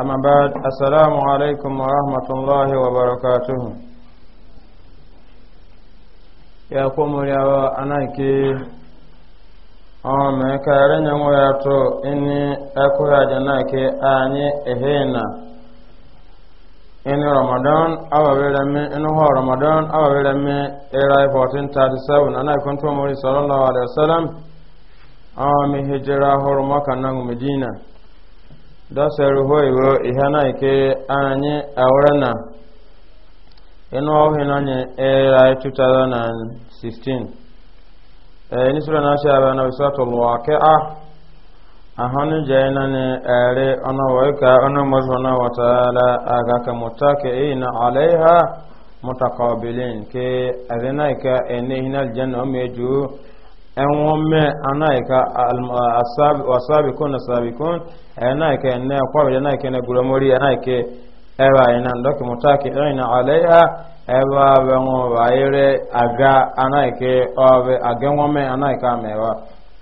أما بعد السلام عليكم ورحمة الله وبركاته يا قوم يا أناكي ọmọ ẹkẹrẹ nyẹ wọn yàtọ ẹni ẹkọrọ àjẹnàkẹ ànyẹ ẹhẹnà ẹni ramadan awàwẹrẹmẹ ẹni hɔ ramadan awàwẹrẹmẹ ẹra fourteen thirty seven anakun tó mọrin sọlọ lọwọ alẹ sẹlẹm ọmọ mi hijira hɔrọmọ kan náà medina. dọsịrị hụ iwu ihe na-eke anyị awụrụ na ịnụ ọhụrụ na anyị ịra 2016 ee nisoro na ọchịa abịa na ọsịa tụlụ ọkị a ahụnụ jee na ni ere ọnụwọ ịka ọnụ mmadụ na wataala aga ka mụta ka eyi na alaiha mutakabilin ke azina ika ene hinal janna meju enwome anaika wasabikun sabikun anaika ene kwabiri anaika ene guromori anaika eba ina ndoki mutaki ina alaiha eba benwo bayire aga anaika obe aga nwome anaika mewa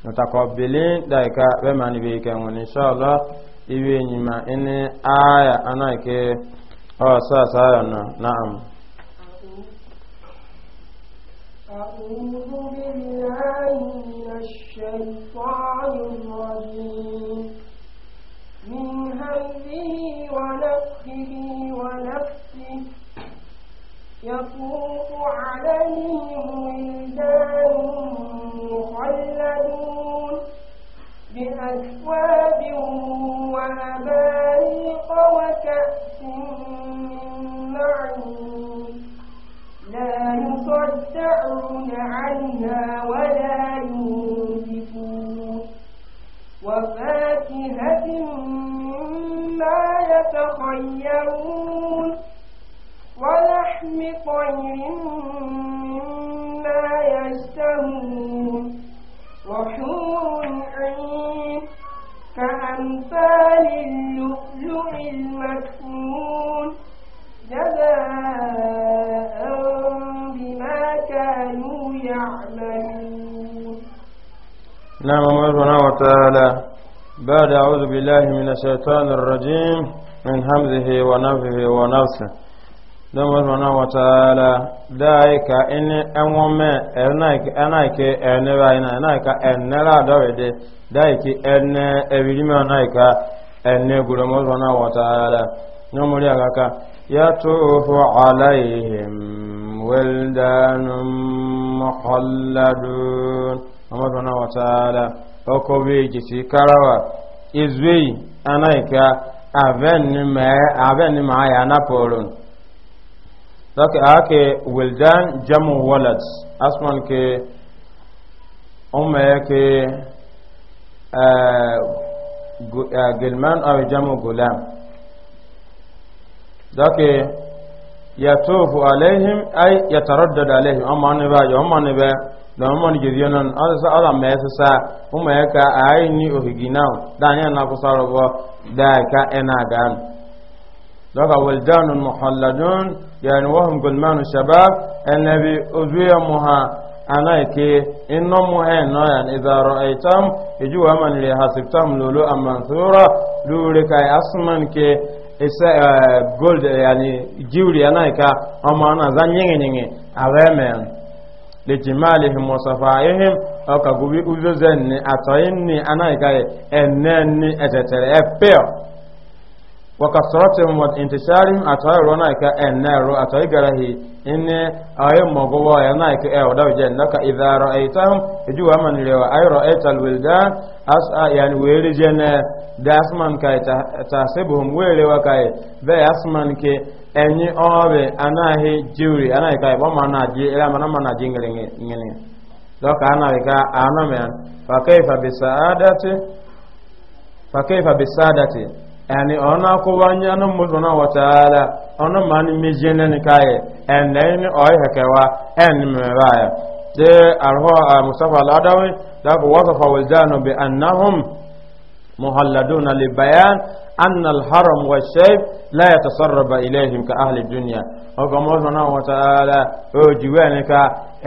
mutakabilin daika bemani bi ke ngoni inshallah ibe nyima ene aya anaika o oh, sasa na na'am أعوذ بالله من الشيطان الرجيم من همه ونفخه ونفسه يطوف عليهم ولدان مخلدون بأكواب وأباريق وكأس من معين لا يصدعون عنها ولا ينزفون وفاكهة مما يتخيرون ولحم طير مما يشتهون وحور عين كأمثال اللؤلؤ المكتوب نعم ربنا وتعالى بعد أعوذ بالله من الشيطان الرجيم من همزه ونفه ونفسه دم ربنا وتعالى دايك إن أمم أنايك أنايك أنبعنا أنايك أنلا دويد دايك أن أبيلم أنايك أن قدام ربنا وتعالى نعم لك يطوف عليهم ولدان مخلدون Omu ka na-wetaara o kubi ji karawa izuui a na-eka a ve ni maa i a na puorun. Doki a ke wulidem jemu walet asma nke o ke eh, eh, gilman o je gulam gule. Doki ya tuufu alehi ayi ya tara dudu alehi o ma ni be na mọ ni jezi nan ala sa ala ma yasa sa o ma yaka ayi ni o higi na da ni na ko saro bo da ka ena gan daga waldan muhalladun yani wahum gulmanu shabab annabi uzwiya muha ana ke inna muha na yan idza ra'aytam iju wa man li hasibtam lulu am mansura lulu kai asman ke isa gold yani jiwri ana ka amma ana zan nyenge nyenge aweme lijimalihim wa safaihim ọka gubi uzozen ni atoyin ni anaikaye enen ni etetere epeo wakasorotin wa intisharin atoyi rona ika enero atoyi garahi inni ayi mogowa ya na ika ewa dawije naka idara aitahum iju wa man rewa ayi ra'aital wildan as'a yani wele jene da asman kai tahsibuhum wele wa kai be asman ke enyi obe anaghị jiuri anaghị ka ịbọ ma na ji ila mana ma na ji ngiri ngere dọka anaghị ka anọ mịa fakaifa bisaadati fakaifa bisaadati yani ọna akwụwanye anụ mmụzọ na wataala ọnụ ma ni meji nani kaye ene ni oyi hekewa en mmeba ya de arho mustafa al-adawi dakwa ko wasafa waldanu bi annahum مهلدون لبيان أن الحرم والسيف لا يتصرب إليهم كأهل الدنيا وكما سبحانه وتعالى أجوانك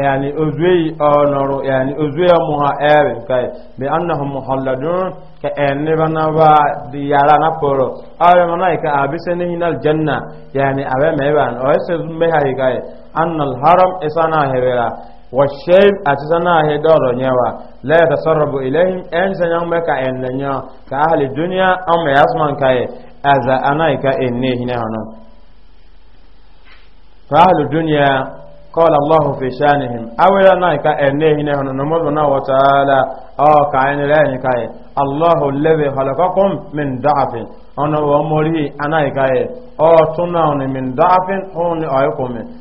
يعني أزوي أنور يعني أزوي مها أبن كي بأنهم مهلدون كأن بنبا ديارانا بورو أو منايك أبسنهن الجنة يعني أبن ميبان أو يسزمها كي أن الحرم إسانا هبرا والشيب أتسنى هدار نيوا لا يتسرب إليهم أن سنعم بك أن نيوا كأهل الدنيا أم يسمن كي أذا أنا كإني هنا هنا فأهل الدنيا قال الله في شانهم أولا نايك أني هنا هنا نمرنا وتعالى أو كأن لا كي الله الذي خلقكم من ضعف أنا ومري أنا كي أو تناون من ضعف هون أيكم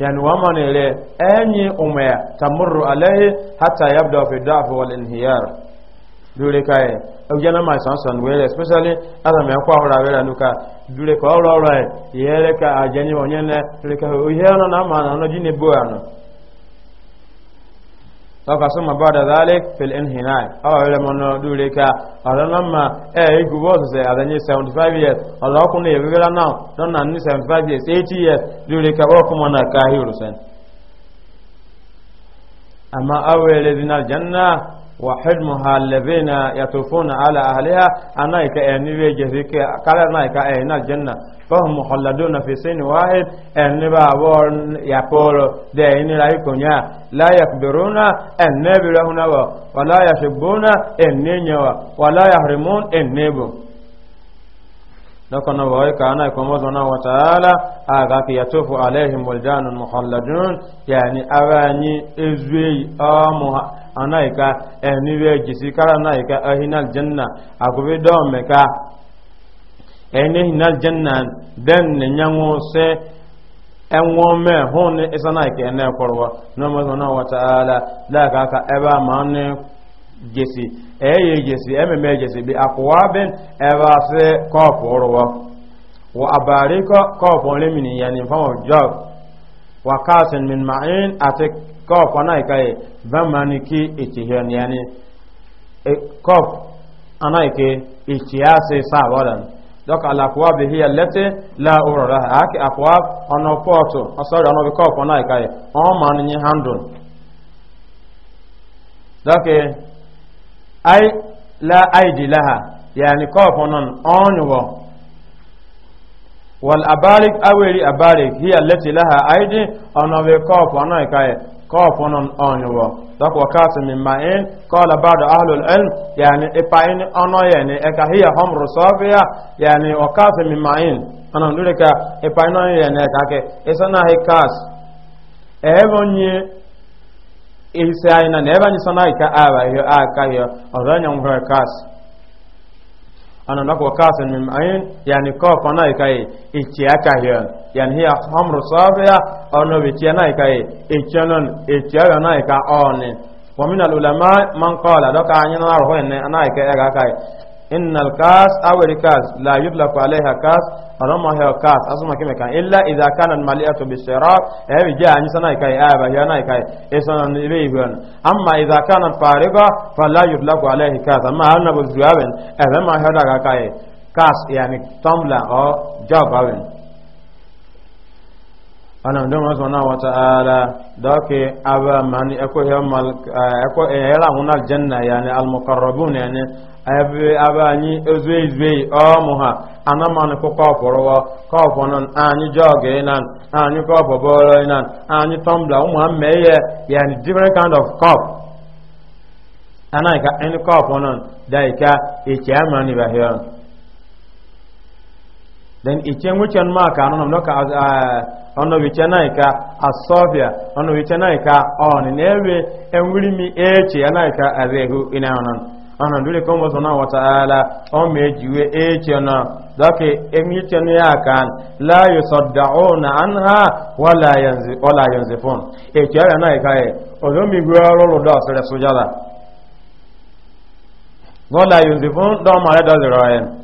yani wa mane re enyi umaya tamurru alaihi hatta yabda fi da'f wal inhiyar dure kai ojana ma san especially ala me kwa ora wele nuka dure ko ora ora yele ka ajani onyene dure ka o yana na ma na no jine ano sọka sọma bada zalik fil inhinai awa wẹrẹ mọnà dúró ká ọdún lọmọ eh, ẹ igu bọọsù sẹ àdányé seventy five years ọdún ọkùnrin yẹn fífẹ́rẹ́ náà lọ́nà ní seventy five years 80 years dúró ká bọ́ọ̀kú mọ̀nà káhírù sẹ́ni. àmọ́ awa wẹrẹ zinal janna وحلمها الذين يطوفون على أهلها أنايك أنبي جزيك كالنايك أين الجنة فهم مخلدون في سن واحد أنبا ورن يقول دين لا يكون لا يكبرون أنبي لهنا ولا يشبون أنين ولا يحرمون أنبو لكن وهيك أنا يكون وزنا وتعالى أغاك يطوف عليهم ولدان مخلدون يعني أغاني إزوي أمها anaika eniwe kara naika ahinal janna agobe do meka ene hinal janna den ne nyango se enwo me hon isanaika ene korwa no mo no wa taala la ka ka eba manne jesi eye jesi ememe jesi bi akwabin eba se kọpụ ọrụwa wa abariko kọpụ nrimini ya ni fama job wa kasin min ma'in ati kɔp ana yi ka ye vamani ki yani e, kɔp ana yi ke etiyaase saabɔ dan donc ala la la a ke a kuwa ɔnɔ pɔɔtu yi handun la aidi laha yani kɔp nan ɔn nyuwɔ. والأبارك أولي أبارك هي التي laha aidi أنا بكوف أنا kọ́ọ̀fọ́nà ọ̀nyọ̀wọ̀ dọ́kọ̀ káàtì mímá in kọ́ọ̀lá bàdọ̀ ahlùlẹ́n yàní ipa in ọ̀nà yẹni ẹ̀ka híyà homro sọ́fíà yàní ọ̀káàtì mímá in ọ̀nà lórika ipa in ọ̀nà yẹni ẹ̀ka kẹ ìsọ́nà hí káàs ẹ̀ẹ́bọ̀nyẹ ìsẹ́ àyìnà ẹ̀ẹ́bọ̀nyẹ sọ́nà ìka àbà yọ àkà ana ndako kasan min ayin yani ko kona ikai ichi aka hiyan yani hiya hamru safiya ono bi tiana ikai ichanon ichiya na ika oni wa min al ulama man qala doka anyina rohenne ana ikai aga kai إن الكاس أو الكاس لا يطلق عليها كاس أنما هي كاس أسمع كما كان إلا إذا كان المليئة بالشراب أي جاء نسنا كاي آبا هي ناي كاي إسنا نبيهن أما إذا كانت فارغة فلا يطلق عليه كاس أما هل نبو الزوابن أما هذا كاي كاس يعني تملا أو جاب ana ndo ma subhanahu wa ta'ala dake aba man eko he mal eh, eko era eh, hunal janna yani al muqarrabun yani abi abani ezwe ezwe o muha ana man ko ko porowo ko na ani joge nan ani ko boboro nan ani tombla mu different kind of cup ana ka then ichen wuchen ma ka anọ nọ ka ọnọ wiche na ika asọfia ọnọ wiche na ika ọnị na-ewe enwuri mi eche ya na ika azehu ina ọnọ ọnọ dole kan wasu na wata ala ọ ma ejiwe eche na zaka emiche na ya ka la yusaddao na anha ha wala yanzu wala yanzu fon eche ya na ika e ọzọ mi gwe ọrụ lọ sere sojala wala yanzu fon dọ ma rẹ dọ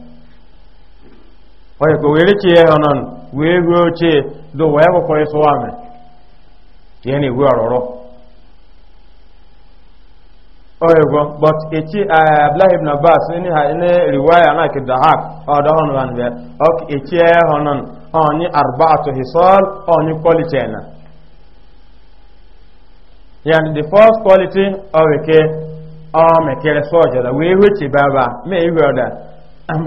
oye ko were che ya non we go che do we go ko so ame yeni we oye but echi eh, abla ibn abbas ni ha riwaya na dahak o da hon wan be ok echi ya honon oni arba'atu hisal oni quality ena yani the first quality of o me so jada me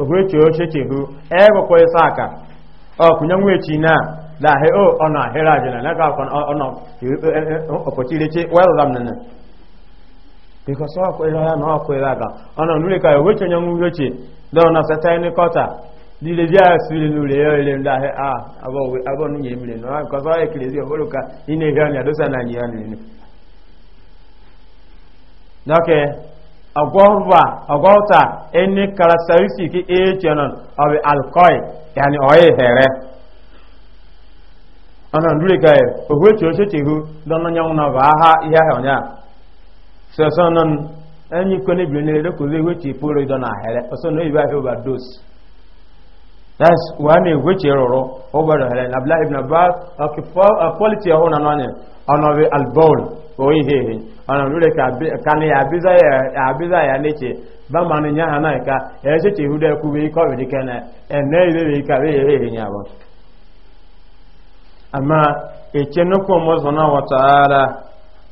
ogweche oche chehu ebekwa aka ọkụnye nwechi na lahe o ọnụ na ahịrị ajana na ka ọnọ ọkọchireche wẹrụram nene bikọs ọkụ ịra ya na ọkụ ịra aga ọnọ nure ka ogwechi onye nwe uheche dọọ na seta kọta líle bí a sùn nínú rẹ̀ yọ a abọ́ ní yẹn mìíràn náà nǹkan sọ́wọ́ èkìlẹ̀ na agwọba agwọta eni karakteristiki echenon ọbụ alkoi yani oyi here ana ndure ka ya ohwe ti o cheche hu don nya ihe ha onya so so enyi ko ni bi ni le ko le we ti poro don ahere so that's na na onye he he ọ na ka ka ne ya abiza ya na aka e che che huda ku we na ka we he he ya ba ama e che no na mo zona wa taala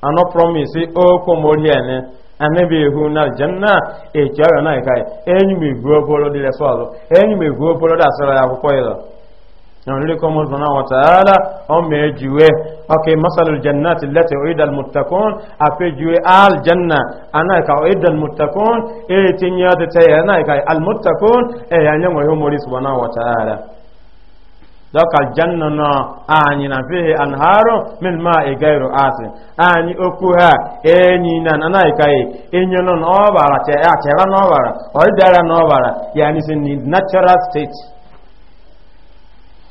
o ko mo ene ane na janna ọrịa na enyi enyu me go polo di le so enyu me dị asịrị akwụkwọ ịlọ. نقول لكم سبحانه وتعالى أم يجوي أوكي مثل الجنات التي أعيد المتقون أفجوي آل جنة أنا كأعيد المتقون إيه تنياد تيانا المتقون إيه يعني ويهم سبحانه وتعالى دوك الجنة نا آني فيه أنهار من ماء غير آسن آني أكوها إني نان أنا إكاي إني نان أوبارا تيرا نوبارا أو دارا نوبارا يعني سن natural state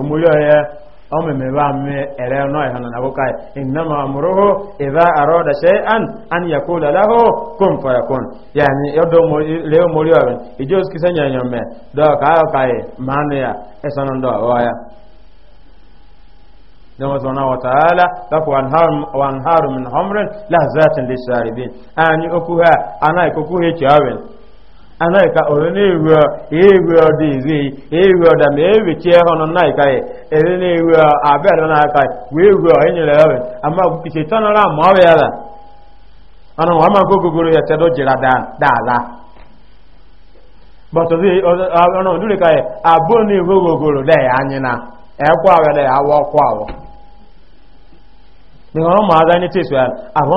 omuli oye omeme bame ere no ehana na bukai innama amruhu idha arada shay'an an an yakula lahu kun fayakun yani yodo mo leo mori oben ijos kisanya nyome do ka kai manu ya esano ndo oya dama subhanahu wa ta'ala laku wa anharu min hamrin lahzatin lisharibin ani okuha ana ikoku he chawen anaghịka orenegwe ewe ọdị izei egwe ọda ma ewechie ọnụ nnaịka na-ewe na n'aka wee gwe enyere ọrịa ama kwukiche tanara ma ọrịa ala ọnụ ama gogogoro ya tedo jira daala bọtụ ọ dịrị ka ya abụọ na-egwe gogoro da ya anyị na ekwa ọrịa da ya awa ọkwa awọ dịghọrọ ma aga anyị tesu ya ahụ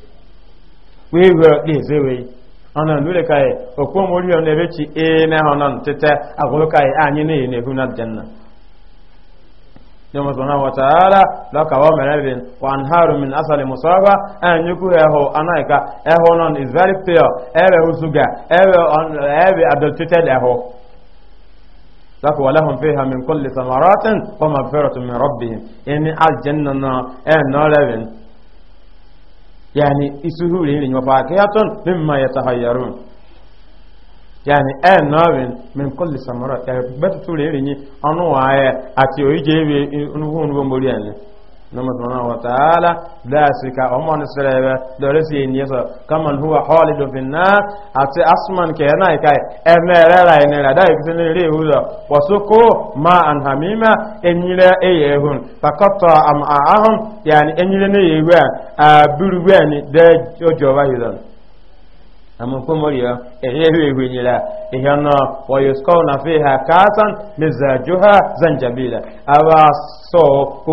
wewe leze we ana nule kai okwo mori on ebe chi e na honon tete agolo kai anyi ne ne hu na janna Nyama subhanahu wa ta'ala laka wa marabin wa anharu min asali musaba an eho anaika eho non is very pure ebe usuga ebe on ebe adulterated eho lako walahum fiha min kulli samaratin wa maghfiratun min rabbihim yani aljanna na en no levin yani isuhuri ni mafakiyatun mimma yatahayyarun yani e nawin min kulli samara ya betu turi ni anu waye ati oije be nuhu nuhu mbori yani nama subhanahu wa ta'ala dasika ọmọ ni sẹrẹbẹ dọrẹ si eniyan sọ kaman huwa hɔli dofin naa ati asman kẹyẹ náà ika ẹmẹ rẹ ra ẹni rẹ dáyé kisi ní ilé ìwúzọ wọsọ kó ma anhamima enyilẹ eyẹ ehun pakọtọ ama ahun yaani enyilẹ ne yẹ wẹ abiri wẹ ni dẹ ojọba yìí lọnà. amokomoriyo ehehu ehwenyela ihyono wayuskauna fiha kasan mizajuha zanjabila abaso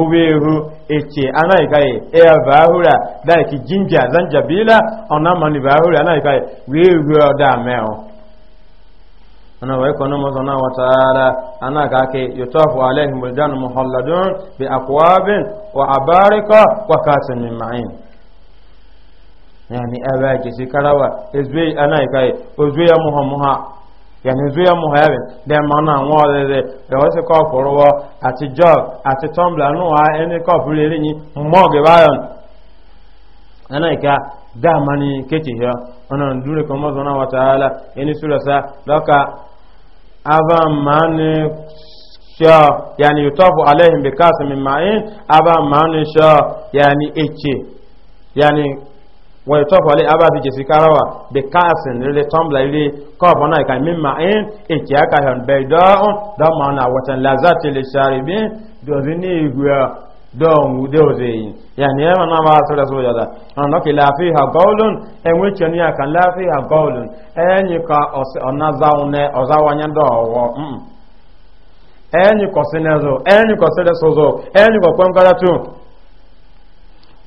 ubehu eche anaikaye eyavahura daiki jinja zanjabila onamani vahura anaikaye wewio dameo ana wai kono mazana wa ta'ala ana ga ke yutafu alaihim buldan muhalladun na aqwabin wa abarika na yani ebe ke shekara wa ezwe ana ikai ozwe ya muha muha yani ezwe ya muha yabe de mana nwa odede de wose ko forowo ati job ati tumbler nu ha eni ko fure ri ni mo ge bayon ana ika da mani keke ya ona ndure ko mo zona wa taala eni sura sa doka ava mani sha yani yutafu alaihim bikasim min ma'in ava mani sha yani eche yani wọ́n tọ́ fọ́lé abáfi jẹ̀sí kárawà bí káàsìn lílé tọ́mbla ilé kọ́ọ̀bọ̀ náà ìka mímọ̀ in ìkì akáhàn bẹ̀rẹ̀ dọ́ọ̀hún dọ́mọ̀ náà wọ̀tàn lázà ti lè bí dọ̀bí ní ìgbé dọ̀hún dẹ́wọ̀dẹ̀ yìí yàní ẹ̀mọ̀ náà bá sọ́rọ̀ sọ́rọ̀ yàtà ọ̀nà kì láàfi ha gọ́ọ̀lùn ẹ̀wọ̀n ìkì ní àkà láàfi ha gọ́ọ̀lùn ẹ̀yìn ka ọ̀nà ọ̀záwanyẹ dọ̀ọ̀wọ̀ zọ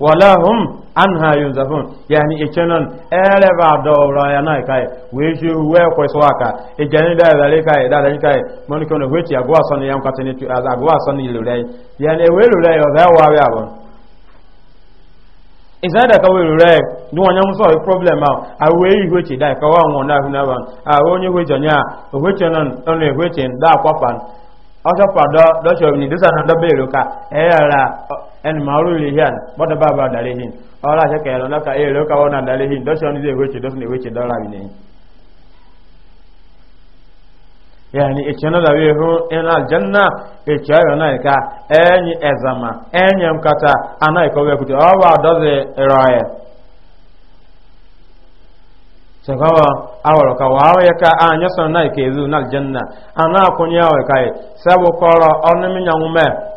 wala hum anha yunzafun yani ichenon ere ba ya na kai we ju we ko so aka ejani da da le kai da da kai mon ko ne we agwa so ne yam tu as agwa so ne lure yani we lure yo da wa ya bon isa da ka we lure du wanya mu so problem out a we yi da ka wa won na hu na a onye we jonya on en maru li hian boda baba dare hin ola se kero na ka ero ka wona dare hin do shon ze weche do ne weche do la yani e na da we ho en al na ka enyi ezama enyi mkata ana awa ya ka na ke zu na aljanna ana kunya wa kai onu minya ngume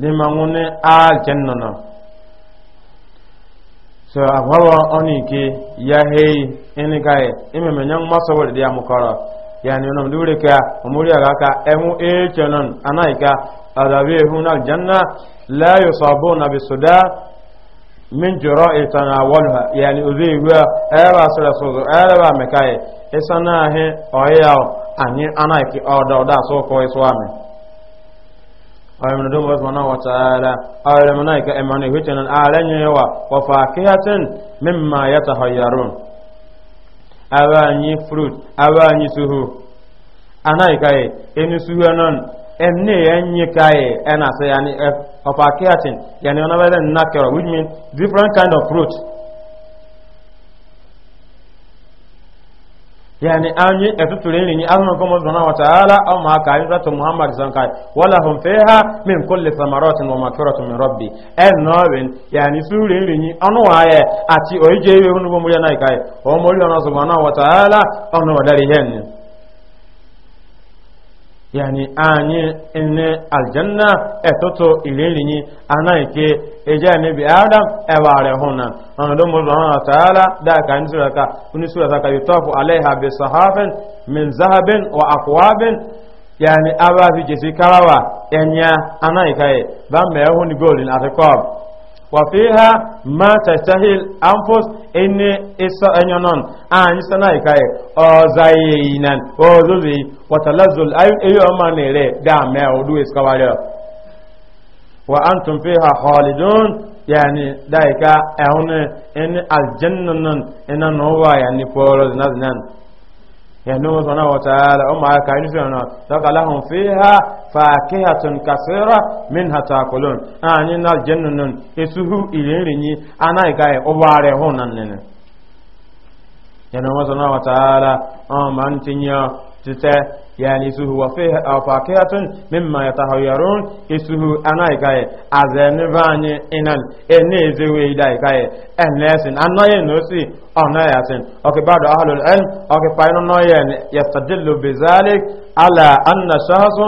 dima ŋuni aljanna na so agbawa oni ke ya hei ini kai ime me nyang masa wadi dia mukara yani onam dure ka umuri aga ka emu e chanan anaika adabe hun aljanna la yusabuna bisuda min jura'i tanawalha yani uzei wa era sala sozo era ba mekai esana he oya ani anaiki oda oda so ko iswame ọ̀rẹ́mìnà tó bọ́ sọ́nà wàtàlá ọ̀rẹ́mìnà ìka ẹ̀mọ̀nà ìwétẹ̀ náà ààrẹ́yẹwà wọ̀fà kíyàtín mímà yàtà hàyàrùn abáyí fruit abáyí suhu aná ìkáyẹ̀ ẹni suhu náà ẹni ẹ̀yẹ káyẹ̀ ẹ̀nà sẹ́yà ní ọ̀fà kíyàtín yẹni ọ̀nà bẹ́ẹ̀ náà kẹrọ which means different kind of fruit yani anyi etuturini ni azuma kuma subhanahu wa ta'ala aw ma ka ayi zatu muhammad sankai wala hum fiha min kulli thamaratin wa maghfiratin min rabbi en noben yani surini ni anu waye ati oje we hunu bo mu yana o mo lona subhanahu wa ta'ala onu wadari hen yani anyi inne aljanna etoto ilerinyi anaike eja ne bi adam eware hona ana do mo na taala da ka nsura ka kuni sura ka yutafu alaiha bi sahafin min zahabin wa aqwabin yani aba fi jesi karawa enya anaika e ba me ho ni golin atekob wa fiha ma tastahil anfus ene isa enyonon an isa na ikaye o zaye inan o zuzi watalazul ayu eyo ma ne re da me o du iska wale wa antum fiha khalidun yani daika ehun en aljannan enan wa yani poro nan ينوز سبحانه وتعالى أما كاين فينا لك لهم فيها فاكهة كثيرة منها تأكلون أنا نال جنن يسوه إليني أنا إكاي أبارة هونان ينوز سبحانه وتعالى أما أنتي تتا يعني سو هو فيه او فاكهة مما يتهيرون اسو هو انا ايكاي ازن فاني انان اني زوي داي كاي ان لسن انا ينوسي انا ياسن اوكي بعد اهل العلم اوكي فاينو نو يعني يستدل بذلك على ان الشخص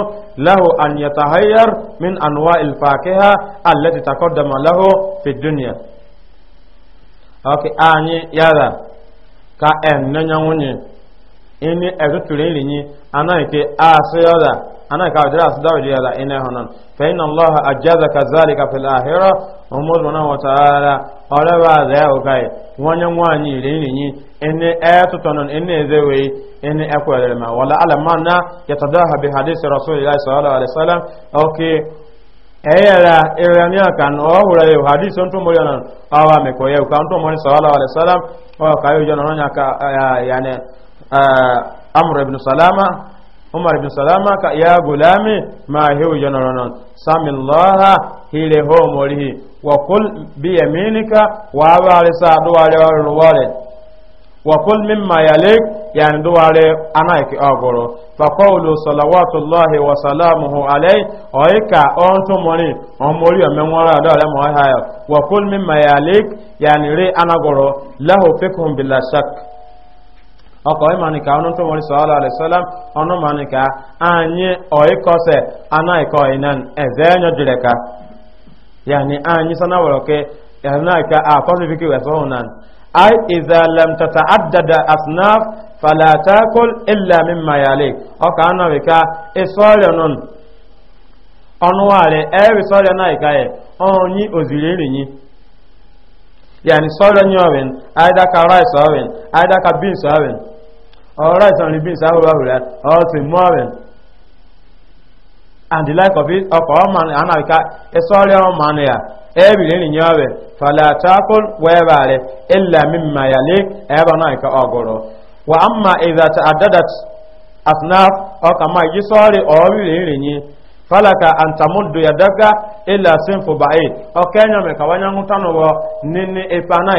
له ان يتهير من انواع الفاكهة التي تقدم له في الدنيا اوكي اني يالا كا ان نيونيه ini ezuture irinyi anaike asiyoda anaike awdira asidawili yada ina honon fa inna allaha ajjaza kazalika fil akhirah umur subhanahu wa ta'ala ọlọba zaya okai wọnye nwaanyị iri irinyi ini etutonon ini ezewe ini ekwelere ma wala alamanna yatadaha bi hadisi rasulillahi sallallahu alaihi wasallam okay eyara irani akan ohura yo hadith on to mo yana awa me ko yo kan to mo sallallahu alaihi wasallam o kayo jona nya ka yani amr ibn salama umar ibn salama ka ya gulami ma hewu janaronon samillaha hile ho morihi wa kul bi yaminika wa wale sa duwale wa ruwale wa kul mimma yalik yani duwale anaiki ogoro fa qawlu salawatullahi wa salamuhu alayhi oika on to mori on mori menwara do mo haya wa kul mimma yalik yani re anagoro lahu fikum bila shakk ọkọ̀ ìmọ̀nìkà ọ̀nà tó wọ́n sọ́ọ́lá alẹ́sọ́lá ọ̀nà mọ̀nìkà anyị ọ̀ịkọsẹ̀ anáìkọ̀ ìnan ẹ̀zẹ̀ ẹ̀yọ jìrẹ̀ka yàní anyị sanáwọ̀rọ̀kẹ́ anáìkà àkọsífikì wẹ̀sọ́hùn nan ai ìzàlẹ̀m tata àdàdà asnaf falatakol ìlàmì mayalé ọkọ̀ anáwìkà ìsọ́ọ̀rẹ̀ nùn ọ̀nùwàrẹ̀ ẹ̀rì sọ́ọ̀rẹ̀ náìkà yẹ ọ̀rùn yí òzìrì rìnyí yàní sọ́ọ̀rẹ̀ ní ọ̀wìn àìdáka rice ọ̀wìn àìdáka beans ọ̀wìn ọ̀rọ̀ ìsànrin bí ìsáwọ̀ wẹ̀rẹ̀ ọ̀sìn mọ́rin and the like of it ọkọ̀ ọmọ anáríkà ẹsọ́rẹ́ ọmọ ya ẹ̀rì lẹ́nu ìyẹn ọ̀rẹ́ fàlàtàkùn wẹ́ẹ̀bà rẹ̀ ilẹ̀ mímọ̀ yàlẹ́ ẹ̀rọ náà ìkà ọ̀gọ̀rọ̀ wà á ma ìdàtà àdàdàt asnaf ọkà máa yí sọ́ọ̀rẹ́ ọ̀rì lẹ́nu ìyẹn falaka antamudu yadaga ila sinfu ba'id ọkẹ́nyọ̀mẹ̀kà wáyé ń tánù wọ nínú ipa náà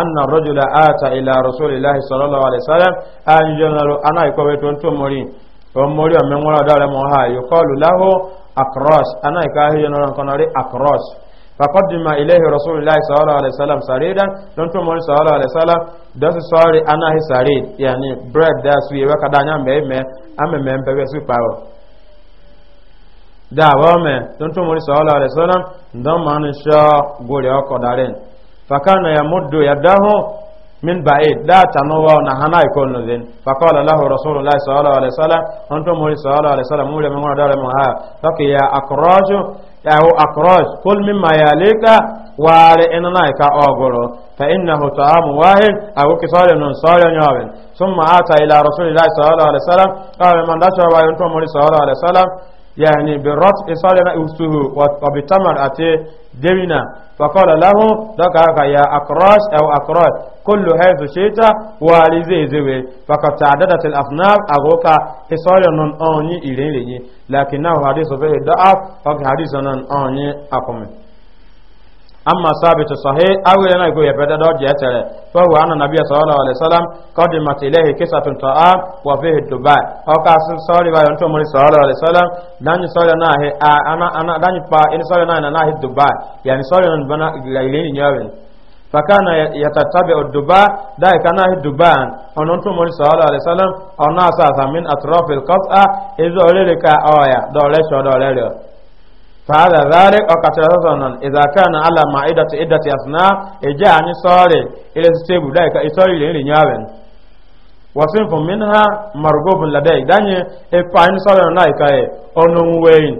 أن الرجل آتى إلى رسول الله صلى الله عليه وسلم أن جنر أنا يكوي تونتو موري وموري من ولا دار موها يقال له أكراس أنا يكاهي جنر كناري أكراس فقدم إليه رسول الله صلى الله عليه وسلم سريدا تونتو موري صلى الله عليه وسلم دس سوري أنا هي سريد يعني بريد دا سوي وكدانيا مبيمة أمي مبيمة سوي باو da wa me tuntun muri sallallahu alaihi wasallam don ma ni sha gore ko daren فكان يمد يده من بعيد لا تنوى نهنا يكون ذن فقال له رسول الله صلى الله عليه وسلم أنتم مولي صلى الله عليه وسلم مولي من دار من ها فكي يا أكراج يا هو أكراج كل مما يليك وعلى إننا فإنه طعام واحد أو كسال من صال ثم أتى إلى رسول الله صلى الله عليه وسلم قال من دشوا وأنتم مولي صلى الله عليه وسلم يعني برط إصالنا أسوه وبتمر أتي دمنا فقال له دكاك يا أقراش أو أقراش كل حيث شئت والذي زوي فقد تعددت الأصناف أغوكا إصالنا أني إليني لكنه حديث فيه ضعف فقد حديثنا أني أقوم أما ثابت صحيح أو لنا يقول يبدا دور جاتره فهو أن النبي صلى الله عليه وسلم قدمت إليه كسة طعام وفيه الدباء أو كاس صلى الله عليه وسلم صلى الله عليه وسلم لن يصلي ناه أنا أنا لن يبا إن صلي ناه ناه الدباء يعني صلي ناه بنا ليلين يومين فكان يتتبع الدباء ده كان الدباء أن أنتم صلى الله عليه وسلم أن أساسا من أطراف القطعة إذا أولئك آية دولة شو دولة فهذا ذلك وكثرة صنن إذا كان على معدة عدة أثناء إجا عن صاري إلى ستيبو ذلك إصاري لين يابن وصنف منها مرغوب لديك داني إفاين صاري لايك أنوين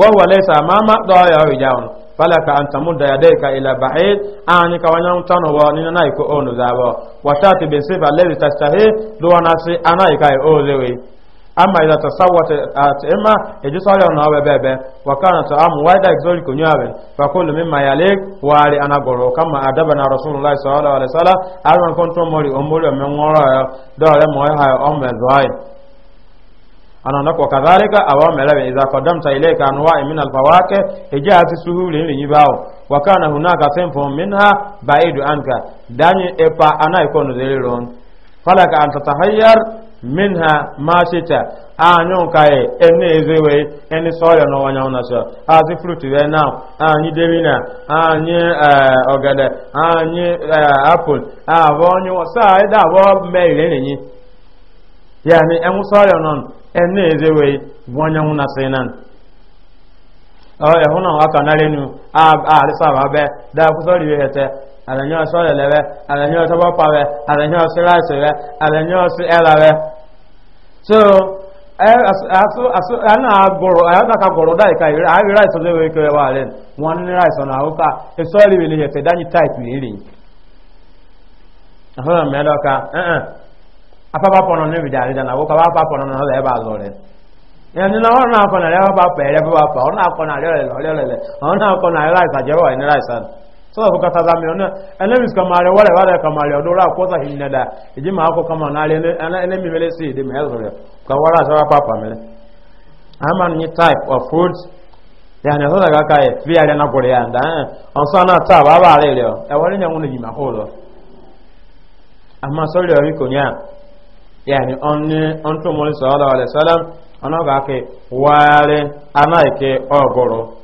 وهو ليس أمام ضايا وجاون فلك أن تمد يديك إلى بعيد أنك ونعم تنوى نينايك أونو ذاو وتأتي بصفة الذي تستهي دون أنايك أوزوي ama ila tasawwata eh, at'ima ejisala na wa bebe wa kana ta'amu waida exotic kunyawe fa kullu mimma yalik wa ali anagoro kama adaba na rasulullah sallallahu alaihi wasallam alwan kontrol mori omori omengora ya dole mo ha omezwai anaona kwa kadhalika awamelewe idha qadamta ilayka anwa'i min alfawake ati suhuli ni nyibao wakana hunaka sinfun minha baidu anka dani epa anaikono zeliron falaka antatahayyar minha mashita anyụ ka ene ezewe ene sọrịa n'ọwa anyanwụ na sọ azị fruit wee na anyị devina anyị ọgede eh, anyị eh, apple a abụ onye saa ịda abụọ mere ya ni enwu sọrịa nọ ene ezewe bụ anyanwụ na sị na ẹ̀hún be ala be. so ana agoro ayada ka goro dai ka ira ira na oka e so le we le te dani type ni ri ahora me ka eh eh apa ba pono ne bi na le ba zo le ya e, ni na na akọ na ọ na na ọ na-akọ na sasa ukatazamia ona enemis kamari wale wale kamari odora kwoza hinada ijima ako kama nale enemi mele si de ka papa mele ama ni type of foods yani e na kule yanda ta baba ale e wale nyangu ni jima holo ama sori ya wiko nya yani on on to mo ona wale ogoro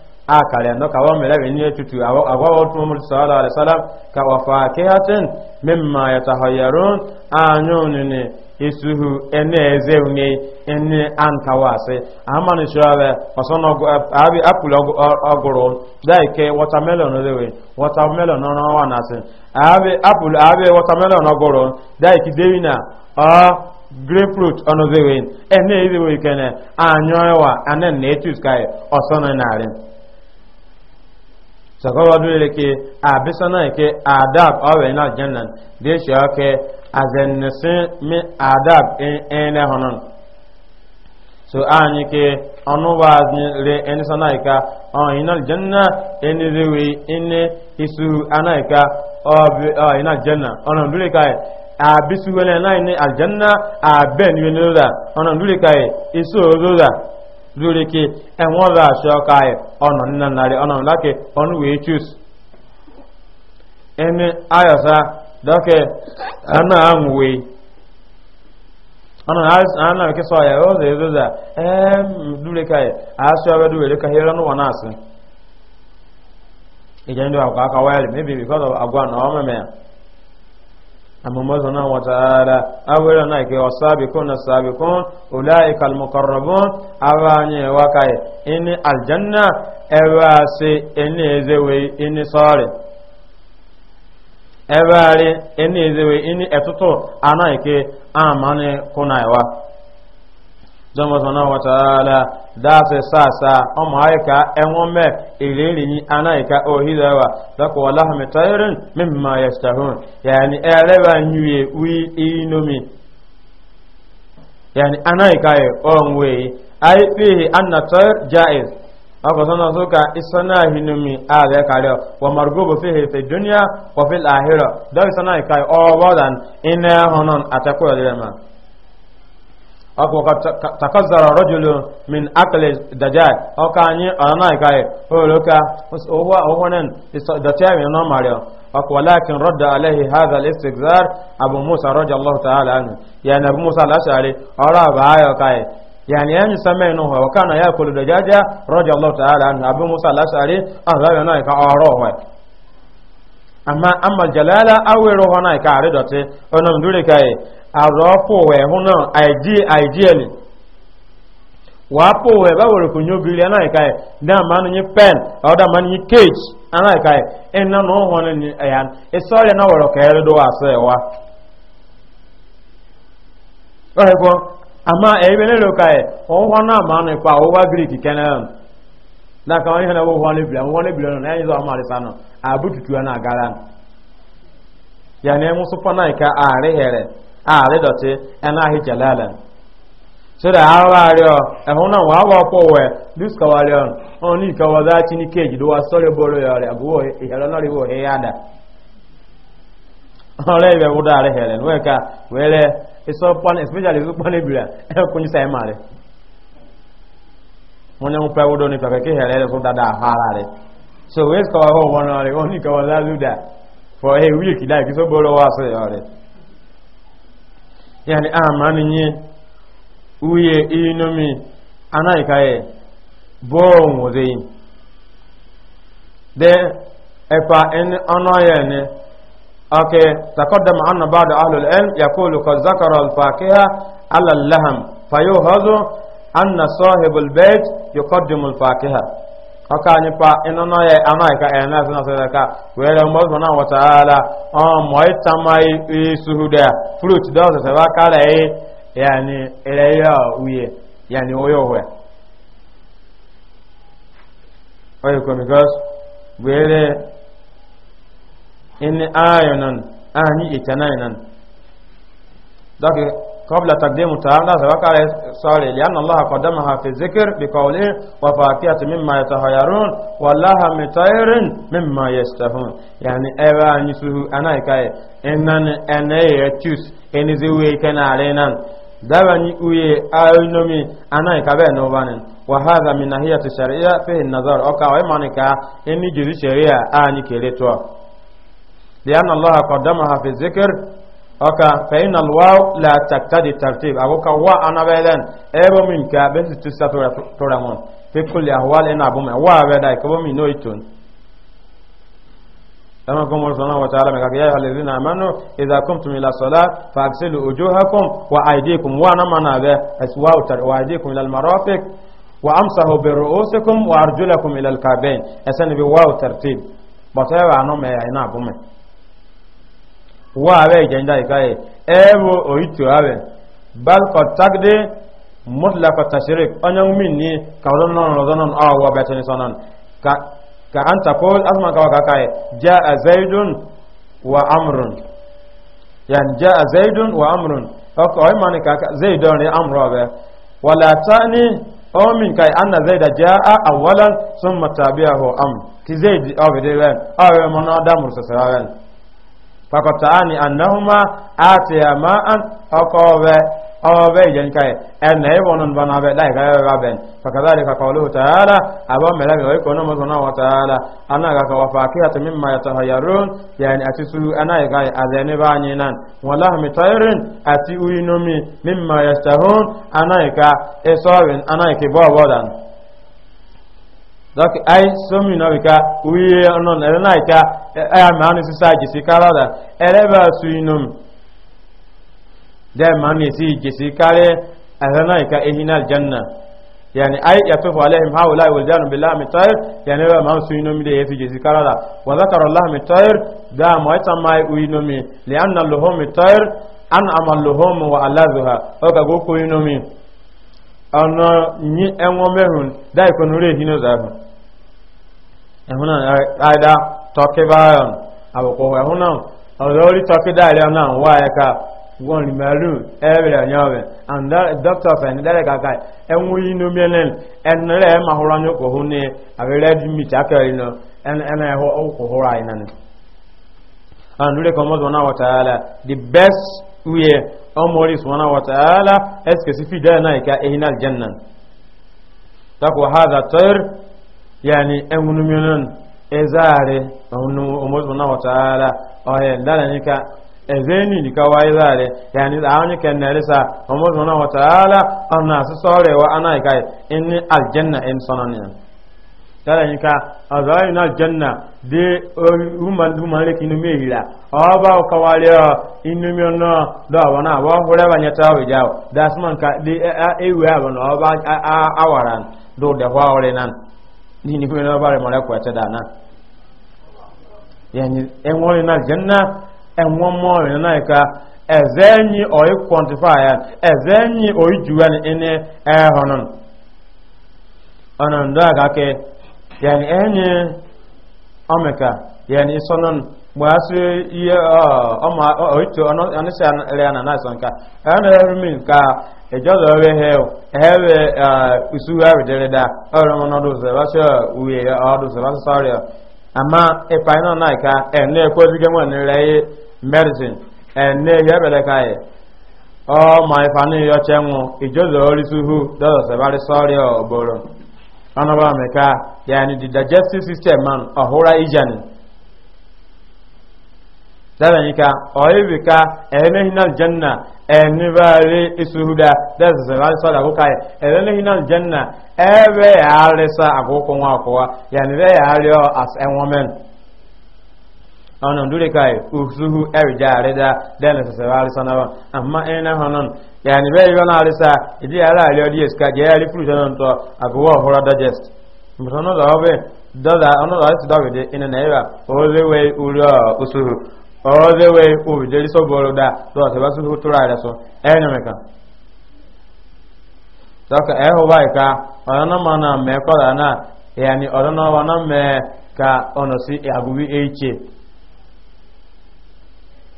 akari ando ka wa mera benye tutu agwa wa tu mu sallallahu alaihi wasallam ka wa fakihatin mimma yatahayyarun anyun ne isuhu ene eze une ene antawase amani shawe osono abi apple ogoro dai ke watermelon watermelon abi apple abi watermelon ogoro dai ki dewina grapefruit ene ewa na ọsọ sagawa dole ke a bisa na ke adab awe na jannan de shi ake azennese mi adab in ene honon so anyi ke onu wa ni re eni sana ika on inal janna eni rewe ene isu anaika obi o inal janna ona dole kai a bisu wele na ni aljanna a ben wele da ona dole kai isu ozo da lórí ke ẹ̀wọ́n bá aṣọ ọkà ẹ̀ ọ̀nà nínú nàrí ọ̀nà lákè ọ̀nà wèé chus ẹni ayọ̀sá dọ́kẹ̀ ọ̀nà àmúwe ọ̀nà àánà kí sọ ọ̀yà ọ̀sẹ̀ ìzọ́zà ẹ̀ẹ́m lórí ka ẹ̀ aṣọ ọbẹ̀ lórí ka hẹ́rẹ́ ní náà sí ìjẹ́ amma zana wa ta'ala awira na ke wasabiqun asabiqun ulaika almuqarrabun awanye wa kai in aljanna ewa se ene zewe ini sare ewa re ene zewe ini etutu ana ke amane kunaiwa jọmọ zana wataala daase saasa ọmọ ayika ɛnwomɛ mẹ anayika ní dako walahami tayirin mimma yastahun yani ɛrɛba nyuye wi inomi yani anayika ye ɔnwe ayi fihi anna tayir jaiz ɔkɔ sɔnna so ka isana hinomi aale kare wa margobo fihi fi duniya wa fi lahira dɔw ako takazzara rajulun min akli dajjal o ka ni ana kai o loka o wa o honan da tayi no mariyo ako walakin radda alaihi hadha al-istigzar abu musa radiyallahu ta'ala anhu ya nabi musa al-ashari ora ba ayo kai e. yani yani same no ho kana ta'ala anhu abu musa al-ashari ahla na ka oro ho e. amma amma jalala awero hona ka are dote onom dure kai aropo we hono ide ideally wapo we ba woro kunyo biri kai a manu ni pen or da manu ni cage ana kai enna no hono ni ayan e na woro ka ere ore ko amma e o hono pa o wa greek kenan na onye na wo wale bla wale bla na yanyi zo mari sano abututu na agara ya na enwu supo na ka are here are dote ena hi jalala so da awa ario e hona wa wa po we this ka ka keji do wa ya ọrịa agwo e here ka especially wọn ń pẹ́ wúdó ní pẹ̀pẹ́ kí hẹ̀rẹ́ rẹ̀ fún dáadáa fara rẹ̀ so wíṣ kọ́ ọ̀hún wọn náà rẹ̀ wọ́n ní kọ́ wọn for a week láì kí sógbó lọ́wọ́ aṣọ ìyọ̀ rẹ̀ yẹn ni a ah, máa ní yín wúyẹ inú mi aná ìka yẹ bóòm òde yìí dẹ ẹ̀fà ẹni ọ̀nà yẹn ni ọkẹ takọ́dà máa nà bá da ahlul ẹn yakó lukọ zakaro alfakiha alalaham fayo anna sahibul bait yuqaddimu al-fakiha aka anyi pa ina no ye anai ka ena sina sira ka wele mo sona wa taala o mo itamai isuhuda fruit do se ba kala e yani ele ya uye yani oyo hwe oyo ko because wele in ayonan anyi itananan dake قبل تقديم التعامل وقال صالح لأن الله قدمها في الذكر بقوله وفاكهة مما يتهيرون والله مطير مما يشتهون يعني أبا نسوه أنا كاي إنن أنا يتوس إن زوي كان علينا دابني أوي أينومي أنا كابي نوبانين وهذا من ناحية الشريعة فيه النظر أو إيمانك إني جري شريعة أني كليتوا لأن الله قدمها في الذكر aka fain alwaw la taktadi tartib ago ka wa anabelen ebo min ka be tu sa tora tora mon fi kulli ahwal ina bu ma wa be dai ko min no itun ama ko mo sona wa taala me ka ya halina amanu idza kumtum ila salat faghsilu wujuhakum wa aydikum wa namana be aswaw tar wa aydikum ila almarafiq wa amsahu bi ru'usikum wa arjulakum ila alkabain asan bi waw tartib bataya ano me ina bu ma wa abe jenda ikaye ewo oito abe bal qad taqdi mutlaq tashrik anyang min ni kawdon non rodonon awa betani sonan ka ka anta qul asma ka kakaye jaa zaidun wa amrun yan jaa zaidun wa amrun ok oy man ka zaidun ni amru abe wala tani o min kai anna zaida jaa awwalan thumma tabi'ahu am ki zaid abe de ben awe mon adam rusul sallallahu fakọtaani anahuma ati ama ọkọọbẹ ọbẹ ìjẹnka yẹ ẹnna ìwọ nínú bá n'abẹ láì ká ẹbẹ bá bẹ ní fakọtaani kaka olóhù tààlà àbọ mẹlẹ mi ọyọkọ náà mọsán náà wọ tààlà aná kaka wà ati àti mímọ yàtọ ọyàrún yẹni àti tu ẹná ìka yẹ àzẹni bá nyi náà wọn láhùn mi tọyìrín àti uyinomi mímọ yàtọ hún aná ìka ẹsọrin aná ìkì bọ́ọ̀bọ̀ dànù donc ay somi na wika wiye non e, e, ele na ika ay amani si saji si kala da ele ba suinum de mani si jisi kale ele na ika ehina aljanna yani ay yatufu alaihim haula wal janu billahi min tayr yani ba man suinum de yefi jisi kala da wa zakara allah min tayr da ma tamai uinumi li anna lahum min tayr an amalluhum wa alazuha o ka go ko inumi ana nyi enwo mehun da ikonu re hino zahu ehuna aida toke bayon aboko ehuna alori toke da ile na wa ya ka won ri malu ebe anyawe and that doctor fen da ka ka enwo yino menen enre ma horo nyo ko hune and the best uye ọmọrí sọ́nà wàtàálà ẹsìkẹ̀ sí fìdá náà ìka ehina aljannan takwa haza tayar yani ẹnwunumionan ẹzaare ọmọrí sọ́nà wàtàálà ọ̀yẹ̀ dára níka ẹzẹni nìka wáyé zaare yani àwọn ní kẹnẹrí sa ọmọrí sọ́nà wàtàálà ọ̀nà sísọ́rẹ̀ wa anáìka ẹni aljanna ẹni sọ́nà nìyàn tara yi ka a zai na janna de eh, human human inu me hira o ba ka o ah, inu mi no do wa na wa hore ba nyata we jaw das man ka de eh, eh, e ba no ba awaran do de wa nan ni ni ko e na ba re mara ko ta na. yani en na janna won mo na ka o i quantify o e i ene e honon onon ke yani enyi omeka yani isonon mwasi iye ọma oito onise ana na asonka ana erumi ka ejodo we hew ewe usu ha ọrụ mọ n'ọdụ uwe ọdụ ụzọ ebe ama ipa ina na ika ene ekwezige nwe medicine ene ihe ebere ka ọ ma nwụ ọrịa anaba ameka yani the digestive system man ọhụra ijani dabani ka ọyịbi ka ẹhẹnẹhin aljanna ẹnibari isuhuda dẹsẹsẹ wa sọdọ akụkọ ayị ẹhẹnẹhin aljanna ẹbẹ ya arịsa akụkọ nwa akwụwa yani bẹ ya arịọ as woman ana dure kai usuhu erja reda dela sa sawali sanawa amma ina hanon yani be yona alisa idi ala ali odi eska je ali fru janon to agwa hora da jest da obe dada ono da isi dawe de ina naiwa ole we uro usuhu ole we u jeri so boro da do se basu hu tura da so ena meka saka e ho bai ka ona mana me ko na yani ona wana me ka ono si agubi eche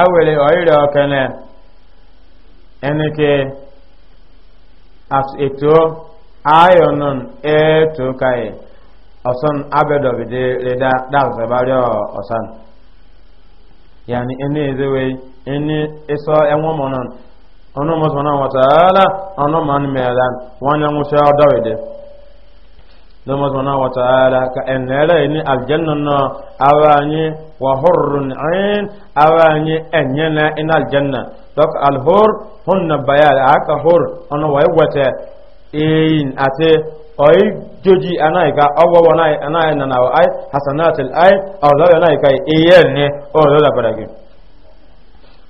awere oire okene enike as eto ayonon eto kai osan abedo bide reda dalze ọsan osan ni ene ezewe ene eso enwo monon ono mo sona wa taala ono man melan wanya ngusha dawide lọ́mọ sọ̀nà wàtàlá ka ẹ̀nẹ́rẹ́ ní aljanna náà awáyé wà hurrun ayin awáyé ẹ̀nyẹ́ na iná aljanna dọ́k alhur hun na bayal aka hur ọ̀nà wà wẹ̀tẹ̀ eyin àti ọ̀yí joji anáyíká ọwọ́wọ́ anáyí nanawa ai hasanatil ai ọ̀zọ́ anáyíká iye ní ọ̀zọ́ da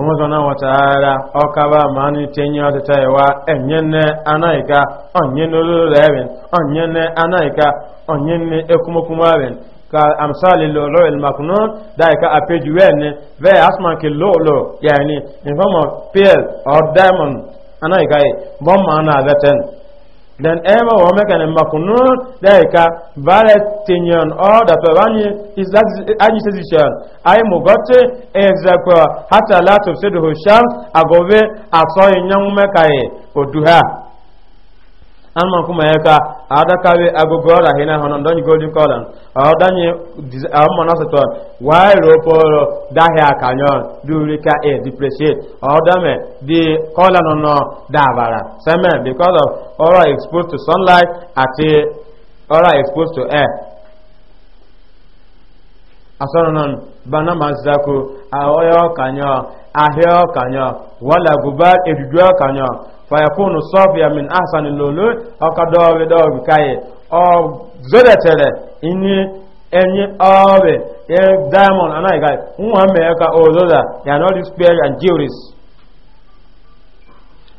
umuzana wataala ọkaba mani tenye ọtịta iwa enyenne anaika onyenne olulu ebin onyenne anaika onyenne ekumokumo ebin ka amsali lolo el maknun daika apeju wenne ve asman ke lolo yani in form of pearl or diamond anaika yi bon ma dan ema wa meka ne makunun daika bare tinyon o da to bani isaz anyi sezi chan ay mugote ezakwa hata la tufsidu shams agove aso nyangu meka e oduha an man kuma yaka ada kawe agogora hina hono ndonyi golden colon odanye amma na seto why roporo dahia kanyon durika e depreciate odame the colon no davara same because of ọrụ exposed to sunlight ati oral exposed to air asọrọ bana mazako ahịa ọkanya wala guba ejuju ọkanya fayakunu sọfịa min asan lolo ọkadọọbi dọọbi kaye ọ zodetere ini enyi ọọbi e diamond anaghị kaye nwa mee ozoda ya nọ spare and jewelries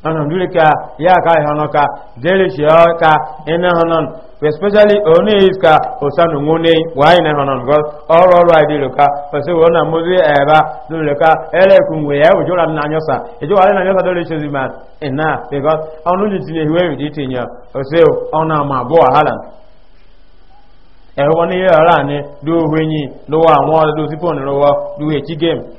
ana ka ya ka e ka dele shi ka ene honon especially one is ka osanu ngone wa ene honon go oro ka pese wo na mozi eba ka ele ya na nyosa na nyosa ma ena because onu tine ose ona ma bo e ya ra ni do do wa do sipon ro wa do game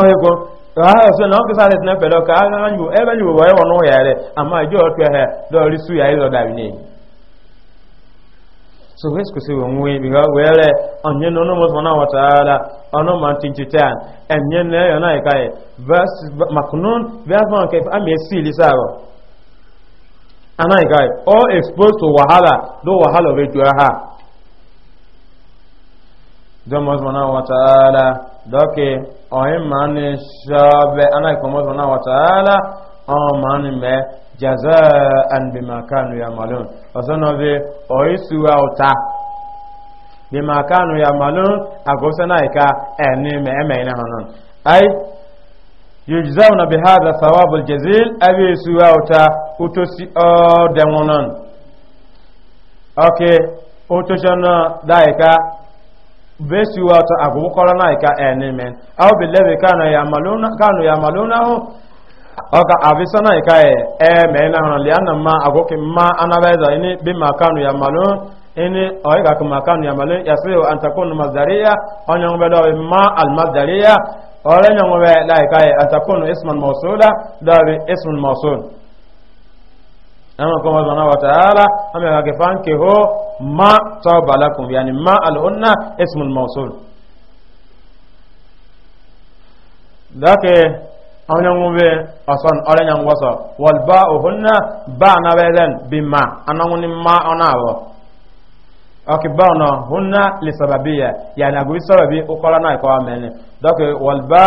ọ̀hẹ́kọ́ ọ̀há ẹ̀sọ́ náà kí sáré sinẹ́ pẹ̀lú ọkà ẹ̀bẹ̀ yìí wọ̀ ẹ̀wọ̀n náà yà rẹ̀ àmọ́ ìjọ ọ̀tọ̀ ẹ̀hẹ́ lọ́ọ̀rí ya yà ìlọ́dà so wes kusi wo nwe bi were onye no no mo sona wa taala ono man enye ne ya na ikai verse maknun verse esi ilisa sawo ana ikai all expose to wahala do wahala we jura ha do mo sona dɔke ɔyin maa ni sɔɔbɛ ana ikɔmɔ sɔnna wataala ɔn maa ni mɛ jaza ani bimakanu yamalon ɔsɔnna bi ɔyi suwa ɔta bimakanu yamalon agosana yi ka ɛni mɛ ɛmɛ yina hɔnɔn ayi yujizawuna bi hada sawabul jazil abi suwa ɔta utosi ɔɔ dɛŋɔnɔn ɔke utosɔnna da ka. besi wato agogo kɔrɔ n'a yi ka ɛni mɛ aw bi lɛbi kanu yamaluna kanu yamaluna ho aw ka n'a ika ka e, yɛ e ɛɛ mɛ na ma agogo ki ma ana bɛ ini bi ma ya yamalun ini ɔyi ka kanụ ya yamalun yasi o an ta ko numa zariya ma alima zariya ɔrɛ ɲɔgɔn bɛ n'a yi ka yɛ an isman mɔsul la isman mɔsul. ẹnu kọ́ mọ́sán náà wàtàálà ọmọ ìwà kẹfà ń ma tọ́ọ̀bà lákùn yàní ma alhunna ismul mausul dákẹ́ ọ̀nyẹ̀wò bẹ ọ̀sán ọ̀rẹ́nyẹ̀wò sọ wọ́n bá òhunna bá anáwẹ́lẹ́n bí ma anáwó ni ma ọ̀nà àwọ̀ ok bawna hunna li sababiyya yani agobi sababi ukola na ikawa mene donc walba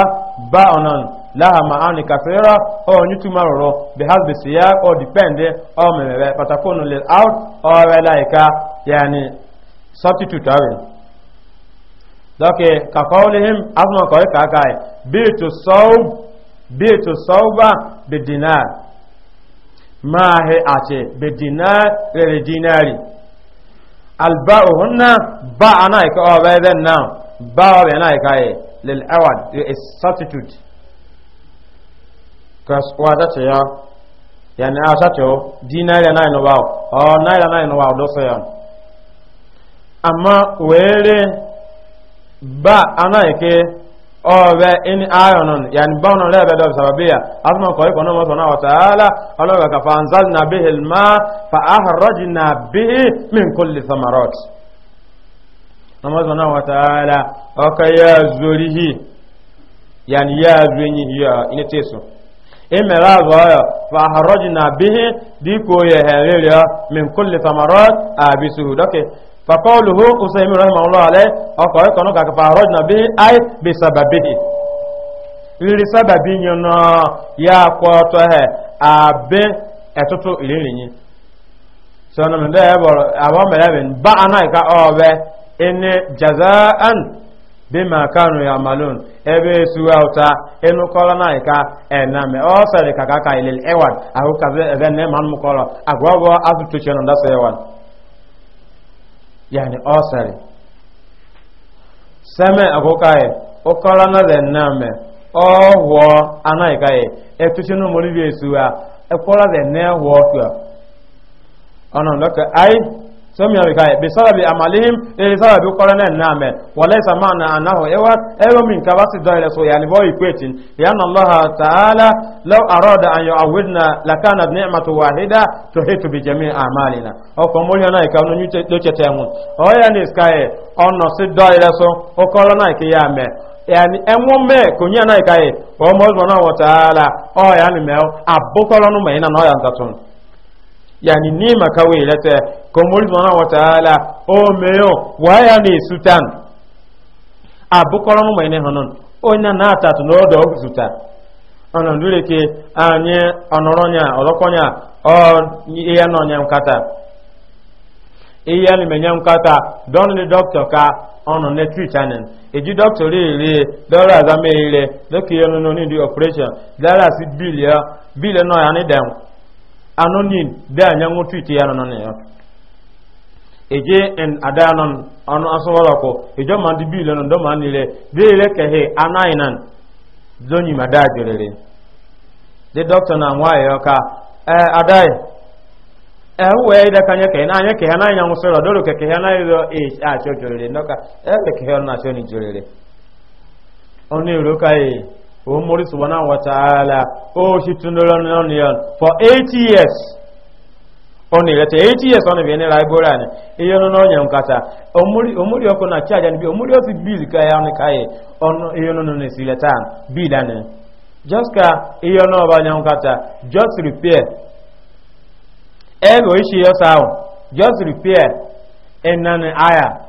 bawna laha ma'ani kathira o nyutu maroro bi hasbi siyak o depende o memebe fatakunu lil out o welaika yani substitute awin donc ka qawlihim asma ko ka kai bitu sawb bitu sawba bi dinar ma he ache bi dinar re dinari alba'uhunna ba'a na ka o oh, be den now ba'a be na ka e eh? lil awad is eh, substitute eh, cause wa da ce ya yani a sato dinari na ino ba o naira na ino ba do so ya amma were ba ana ke ọ̀bẹ in ayọ̀nùn yàní báwọn ọ̀rẹ́ ẹ̀bẹ̀ dọ̀bẹ̀ sàbàbíyà asọ́nà kọ̀rí kọ̀nà mọ́sọ̀ náà wàtàálà ọlọ́gbà kàfà ń zàl na bíhìl má fa ahàrọ́jì na bíhì min kúlì samarot mọ́sọ̀ náà wàtàálà ọkọ̀ yà zori hì yàní yà zuenyi yà ní tẹ̀sù imẹ̀rẹ̀ àzọ̀ ọ̀yọ̀ fa ahàrọ́jì na bíhì díkò yẹ̀ hẹ̀rẹ̀ rẹ̀ min kúlì samarot àbísù dọ́kẹ̀ فقوله أسيم رحمه الله عليه أقول كنوك فأخرجنا به أي بسببه لسبب ينا يا قوته أبي أتوتو إليني sọ́nà mẹ́lẹ́ ẹ̀bọ̀rọ̀ àwọn bá aná ìka ọ̀bẹ ẹni bí ma kánú ya malon ẹbí ìṣúwà ọ̀ta inú kọ́lọ́ náà ìka ẹ̀nà mẹ́ ọ́ kàkàkà ẹ̀wà nà ẹ̀wà yani osari seme akokaye okola na den name ohwo etuchi no mori bi esuwa ekola den ne hwo kwa ona sọmi ọ̀rìkà ẹ̀ bí sọ́rọ̀ bí àmàlìhìm èyí na wọlé ìsàmà náà anáhùn ẹwà ẹwà mi nǹkan bá sì dọ́ ilẹ̀ sọ ìyànìbọ̀ ìpẹ́tì ìyànà lọ́ha tààlà lọ́wọ́ àrọ́dà àyàn àwòrán làkànà ní ẹ̀màtò wàhídà tó hẹ́tù bí jẹ́mi àmàlìna ọkọ̀ mọ́lì mu ọ̀yà ní ìsìkà ẹ̀ ọ̀nà sí dọ́ ilẹ̀ náà kì í yà mẹ́ yani ẹnwọ́n mẹ́ẹ̀ ọmọ náà yani ni makawe lete ko mori o meyo waya ni sutan abukoro mo hanon na na tatu no do suta ono dure ke anye onoronya o iya no nya nkata iya ni menya nkata don ni doctor ka ono ne tri channel eji doctor re re dora azame re no no ni di operation dara si bill ya bill no ya ni dem anonin da nyango twiti ya nono ya eje en adanon ono asowala ko ejo mandi bile no do manile bile ke he anainan zoni madajere de doctor na nwa ya ka eh adai eh we ida kanya ke na anya ke na nyango soro do ke ke na ido e a chojere noka e ke he na choni jorere oni ruka e omori subhanahu wa ta'ala o shi tundulo non yon for 80 years oni lete 80 years on biene rai bora ni iyo no no nyam kata omori omori oko na chaja ni bi omori o si ka ya ni kai ono iyo no no ni siletan bill ani just ka iyo no ba nyam kata just repair ebe o ishi yo sawo just repair enani aya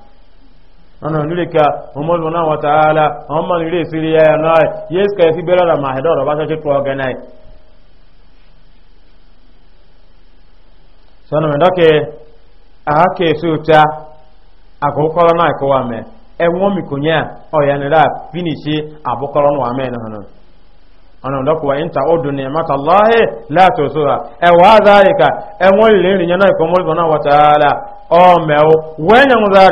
ana nure ka ọmọ ìlú náà wọ́ta ààlà ọmọ ìlú ìsírí ẹ̀yà náà yẹ́ ìsìkà ẹ̀sí bẹ́rẹ̀ rà máa ẹ̀dọ́ bá ṣẹ́ṣẹ́ tó ọgẹ́ náà sọ́nà mẹ́dọ́kẹ́ àákẹ́ èso àkókọ́rọ́ náà ẹ̀kọ́ wa mẹ́ ẹ̀wọ́n mi kò yẹn ọ̀yà nira fínísì àbúkọ́rọ́ náà wà mẹ́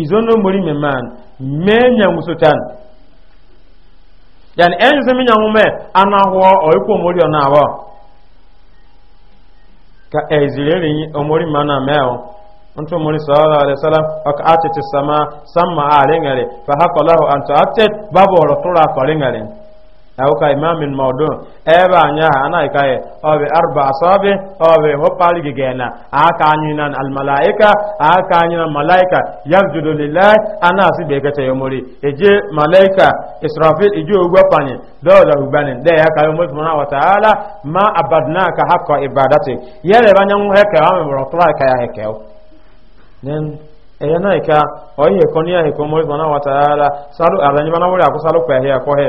izono mori me man menya musutan yani en zemi nya mu me anaho oiko mori ona awo ka ezirere yin omori mana meo nto mori sallallahu alaihi wasallam aka atete sama sama alengare fa anta atet babo awuka imamin maudun eba anya ana ikaye obe arba asabi obe hopali gigena aka anyina al malaika aka anyina malaika yasjudu lillahi ana asibeke te yomori eje malaika israfil eje ogwa panye dola ubani de aka yomo subhana wa taala ma abadnaka hakka ibadati yele banyangu heke ame rotura ka ya heke then eyana ika oyi hekoni ya hekomo subhana wa taala salu abanyimana wuri akusalo kwa he akohe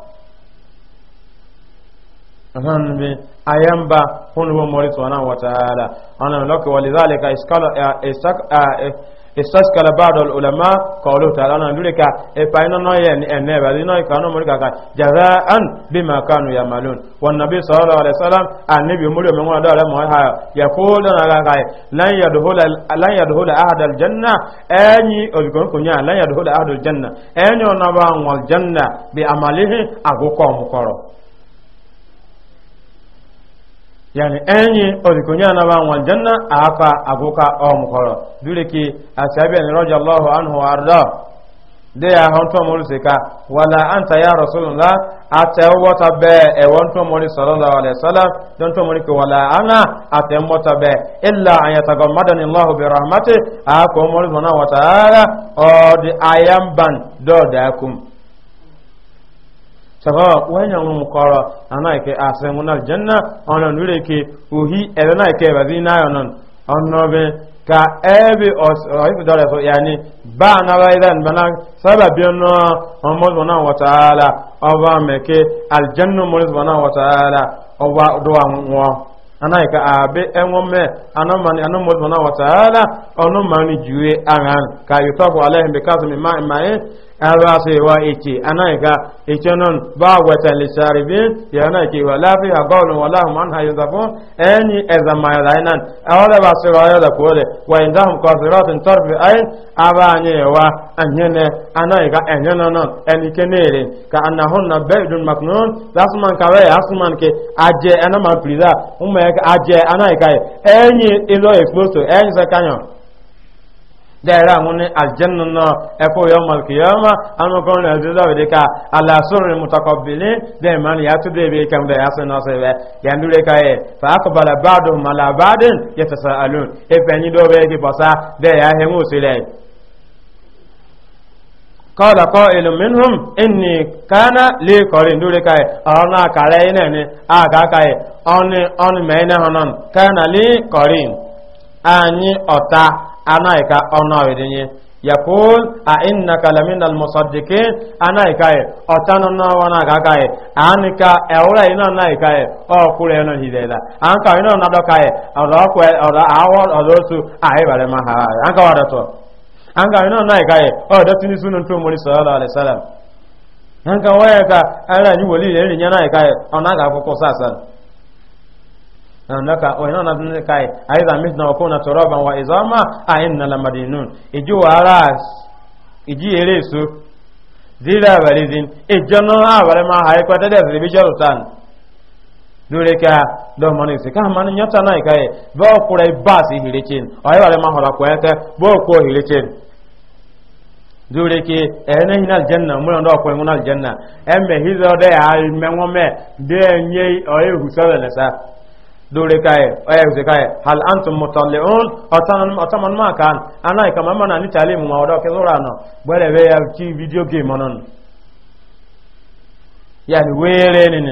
hanbe ayamba hunwo mori subhanahu wa ta'ala ana lokko walidhalika iskala e, istaskala ba'd ulama qawlu ta'ala ana ka e paina no ye ni ene ba ni no ikano mori kaka jazaan bima kanu yamalun wa nabi sallallahu alaihi wasallam annabi muri o menwa dara mo ha ya ko na ga kai lan yadhula lan yadhula ahad al janna anyi obigon kunya lan yadhula ahad al janna enyo na ba wal janna bi amalihi agukọ mukoro yani enyi orikonya na ba wan janna afa abuka o mukoro dure ki asabi an radiyallahu anhu arda de ya honto mulu seka wala anta ya rasulullah atawata be e wonto mulu sallallahu alaihi wasallam don to mulu ki wala ana atemota be illa an yatagammadani allah bi rahmati akom mulu subhanahu wa ta'ala o di ayamban do da kum saba wanya mun kora ana ke asan al janna ona nure ke uhi elena ke bazina yonon onno be ka ebe os oh, ibu dole so yani ba na ba idan bana sababi onno omo subhanahu wa ta'ala oba meke al jannu mo subhanahu wa ta'ala oba do anwo anaika abe enwome anomani anomo dona wa taala onomani juwe angan ka yutafu alaihim bikazu min ma'in ma'in ala se wa ichi anaika ichonon ba wata lisharibin ya anaiki wa la fi qawlun wa lahum eni yuzafun ani ezama lainan awada ba se wa ya da kole wa indahum qasiratun tarfi ayn abanye wa anyene ana iga enyana na enike nere ka anahun na bedun maknun lasman ka waya asman ke aje ana ma prida umma ka aje ana iga enyi ilo exposed enyi sakanyo dẹ́ẹ̀rẹ́ àwọn ní aljanna náà ẹ̀kọ́ yọ malkiyama anukọ́rin ẹ̀dẹ́dọ́wẹ̀dẹ́ ká aláṣọ́rin mutakọ̀bìnrin dẹ́ẹ̀mán ya tó dẹ̀ bíi kẹ́mdẹ̀ ya sọ náà sẹ́wẹ̀ yàndúrẹ́ káyẹ̀ fàákọ̀bàlà báàdùn malabadin yẹtẹsẹ̀ alun ẹ̀fẹ̀yìn dọ́wẹ́ ẹ̀kẹ́ bọ̀sá dẹ́ẹ̀ ya hẹ́mú sílẹ̀ kọ́ọ̀lá kọ́ ìlú minhum inni kánà lè kọrin lórí káyẹ̀ ọ̀rọ̀ náà kàrẹ́ iná ní àkàkàyẹ̀ ọ̀nì ọ̀nì mẹ́rin hànán kánà lè kọrin àyí ọ̀ta anáìka ọ̀nà ìdíyẹ yakul a inna kalamin almusaddiqin anaika e otano no wana kaka e anika e ina naika e o kure no hidela anka ina na doka e ora ko ora awo orosu ai bare ma ha anka wadato an ga nan na kai o oh, da tuni sunan to muri sallallahu alaihi wasallam an ka waya ka an ra ni wali ne nya oh, na kai on na ga ko ko sasa an naka o ina na ne kai ai da mitna wa kuna turaban wa izama a inna la madinun iji wara iji ere so dira balizin ejano a bare ma hay ko da da bi jarutan lórí ká dọ́mọ́nì sí ká mọ́ni nyọ́ta náà ìkáyẹ̀ bọ́ọ̀ kúrẹ́ báàsì ìhìrìkín ọ̀yẹ́wà lè máa họ̀rọ̀ pẹ̀ẹ́kẹ́ bọ́ọ̀ kó ìhìrìkín lórí ké ẹ̀ẹ́nẹ́ yìí náà jẹ́nà múlẹ̀ ọ̀dọ́ ọ̀pọ̀ ẹ̀mú náà jẹ́nà hal antum kan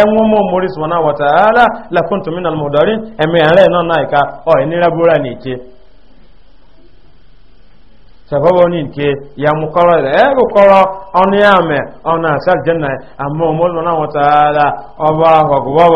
ẹ̀wọ̀n mọ́ mórí sọ̀nà wàtàálà lakuntu min almudarin ẹ̀mí ẹ̀rẹ́ náà náà ìka ọ̀ ìnira búra ní ìke sàfọ́bọ̀ ní ìke ya mú kọ́rọ̀ rẹ̀ ẹ̀rù kọ́rọ̀ ọ̀nà àmẹ́ ọ̀nà àṣà jẹ́nà àmọ́ mórí sọ̀nà wàtàálà ọba àgbọ̀gbọ̀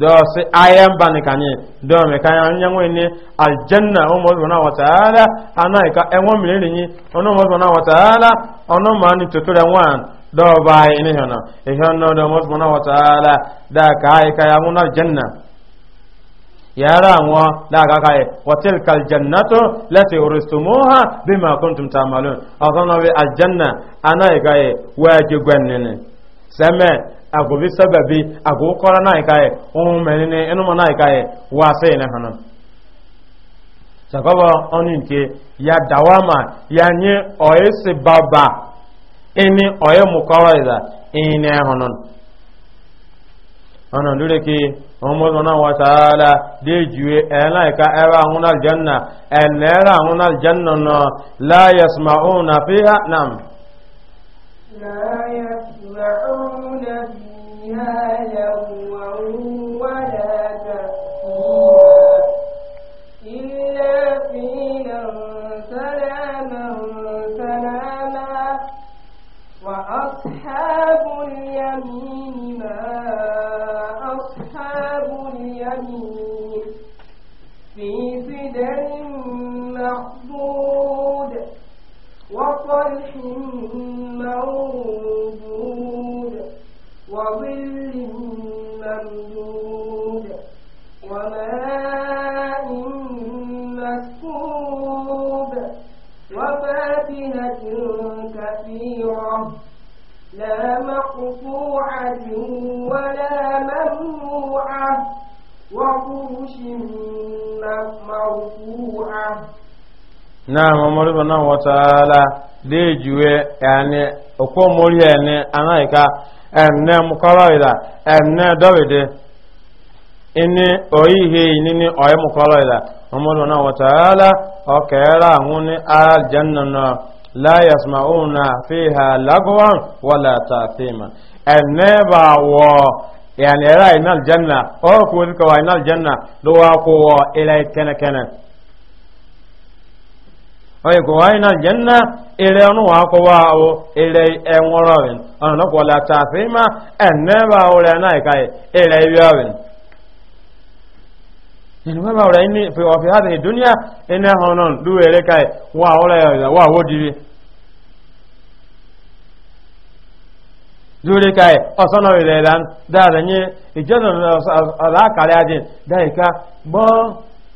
dɔɔsi ayan bani ka ne dɔɔmi ka yan nyɛ ŋun ni aljanna o mɔ zɔnna wa taala ana yi ka ɛŋɔ mine ni o no mɔ zɔnna wa taala o no maa ni tutura ŋwan dɔɔ baa yi ne hɛnɛ e hɛnɛ dɔɔ mɔ zɔnna wa taala daa ka yi ka yan ŋun aljanna yaara ŋɔ daa ka ka yi wa tel ka aljannatu lati uristumuha bima kuntum taamalun o zɔnna bi aljanna ana yi ka yi waaji gbɛnni ni sɛmɛ agobi sababi ago kora na ikaye o ịnụmụ enu mana ị wa sai na hanan sakaba nke ya dawama ya nye oyesi baba ini oye mukawaida ini hanan ana lure ke ọmọdé náà àwọn aljanna àwọn aljanna náà òun náà fi hà òun náà fi إلا قيلا سلاما سلاما وأصحاب اليمين أصحاب اليمين في سدر وطلح منضود وظل ممدود وماء مسكوب وفاكهة كثيرة لا مقطوعة ولا ممنوعة وفرش مرفوعة naa mamadu bana wataala dee juwe yani okwo mori yani anaika emne mukoroida emne dawide ini oyi hei nini oyi mukoroida mamadu bana wataala okeera ahuni aljanna na la yasmauna fiha lagwan wala tathima ene ba wo yani era ina aljanna o kuwa ka wa ina aljanna do wa ko oye ko wayi na janna ere onu wa ko wa o ere enworo wen ona ko la ta fe ma enne ba o re na kai ere yo wen ni ba o re ni fi o fi hada dunya ene honon du ere kai wa o re wa wo diri lórí ka ẹ ọsánà ìrẹ̀lá dáadáa ní ìjọ́nà ọ̀làkàrẹ́ adìn dáìka gbọ́n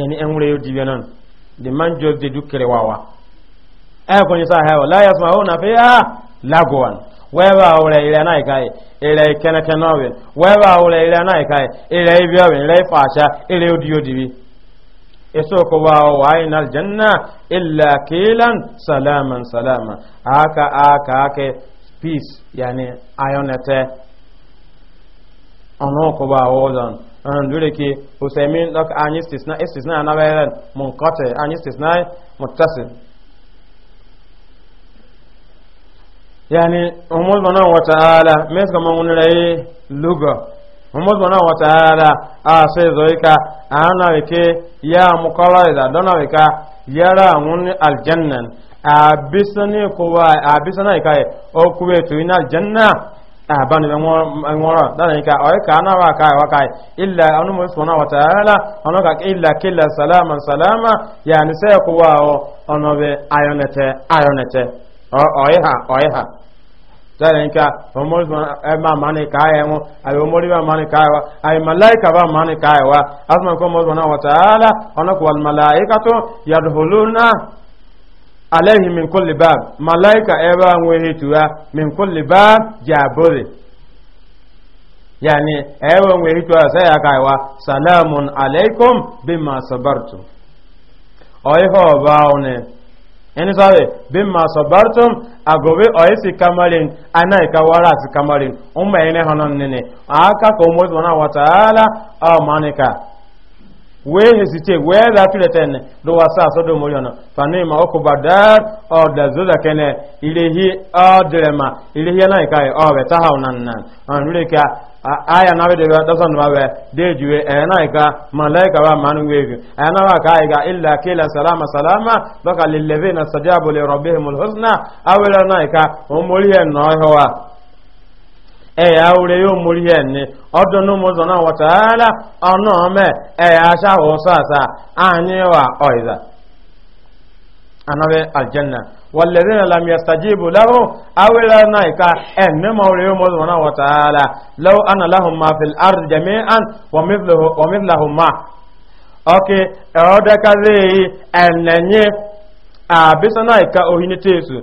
yani en wure yodi benan de man jogde du kere wawa ay ko ni sa hawa la yasmauna fiha lagwan wẹ́wà ọ̀rẹ́ ilẹ̀ náà ìkáyẹ̀ ilẹ̀ ìkẹ́nẹ́kẹ́nà ọ̀wẹ̀ wẹ́wà ọ̀rẹ́ ilẹ̀ náà ìkáyẹ̀ ilẹ̀ ibi ọ̀wẹ̀ ilẹ̀ ìfàṣà ilẹ̀ odiyodibi èso kò wà ọ̀wà iná jẹ́nà ilẹ̀ kílan salaman salaman aka aka aka peace yani ayonete ọ̀nà kò wà ọ̀wọ̀ an dole ke usaimin lak an istisna istisna na bayan munqati an istisna muttasil yani umul bana wa ta'ala mes ga mun rai luga umul bana wa ta'ala a sai zoika ana ke ya mukalla da dona wika yara mun aljannan a bisani kuwa a bisana kai o kuwe to aljanna abani bɛ ŋɔrɔ dani ka ɔye ka ana wa kai wa kai illa anu mu suna wa ta'ala ka illa salama salama yani sai ku wa o ono be ayonete ayonete o ɔye ha ɔye ha dani ka e ma mani kai e mani kai wa malaika ba mani kai wa asma ko wa ta'ala al malaikatu yadhuluna alayhi min kulli bab malaika eba nwehe tuwa min kulli bab jabore yani eba nwehe tuwa sai aka wa salamun alaikum bima sabartum oiho baone ẹni sáré bí ma sọ̀bártún àgòwé ọ̀yẹ́ sí kamarin aná ìkawárá àti kamarin ọmọ ẹ̀yìn ẹ̀hánà nínú àákàkọ̀ ọmọ ìsọ̀nà wàtàálà ọmọ wee hesitate wee da filetene do wasa so do moriona fani ma oko badar o da zoda kene ilehi adrema ilehi na ikai o be ta haunan nan an rika aya na be da san ma be de juwe e na ika malaika wa manu wege aya na wa kai ga illa kila salama salama baka lil ladina sajabu li rabbihim al husna awla na ika o moriya e no e howa ẹ̀yà orí yóò mórí ẹ̀ ní ọdún mọ́sánà wọ̀tàálà ọ̀nà ọmọ ẹ̀yà aṣáwọ̀ sáàsá àníwà ọ̀ìzà anáwẹ̀ aljanna wa ta'ala law ana lahum ma fil ard jami'an ma okay e oda kaze enenye a bisana ka ohinitesu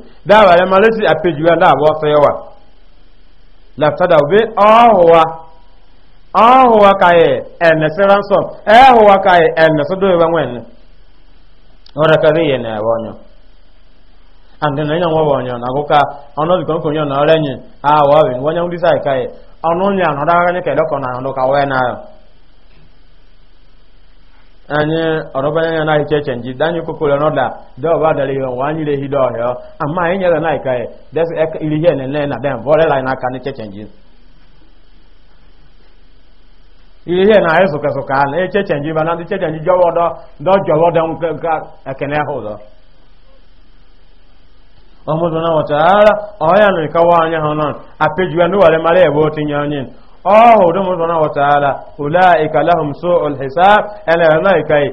laftada be ọhụwa ọhụwa ka yi ẹnẹsẹrẹ nsọ ẹhụwa ka yi ẹnẹsẹdọ ewe nwene ọrịa ka yi na ewe ọnyọ andị na ịnyanwụ ọbụ ọnyọ na agụka ọnụ dị na ọrịa enyi a onye nwụdịsa ka yi ọnụ onye anọdụ aka nye ka ịdọkọ na ahụ ka wee anyị ọrọbanye ya na icheche nji danye kokoro n'ọda dọba dara ihe nwa anyị rehi dọhịa ama anyị nyere na ikaye desi iri ihe nene na dem vọrela anyị n'aka n'icheche nji iri ihe na anyị sụkasụka e na echeche nji na ndị cheche nji jọwọ dọ dọjọwọ nke nka ekene ha ụzọ ọmụzụ na wọtara ọhịa na ikawa anya ha nọ apejuwa n'ụwere mara ebe otinye onye ọhụ oh, dị mụrụ na wataala ula ikalahum so olhisab ẹnna ẹnna ikai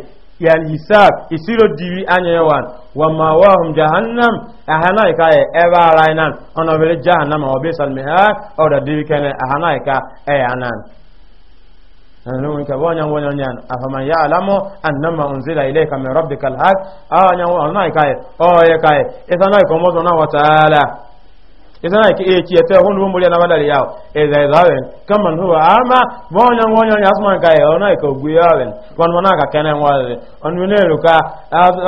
yan hisab isiro dibi anya wan wa ma wahum jahannam ahana ikai ebe ara nan ọna bere jahannam ọ bi salmiha ọ da dibi kene ahana ika ẹ anan nanu ka wanya wanya nyan afama ya alamu annama unzila ilayka min rabbikal isana ki e ki ete hunu muri na badali yao e za zawen kama huwa ama wonya wonya ya asman ka e ona ko guyawen wan wana ka kene wale on ne luka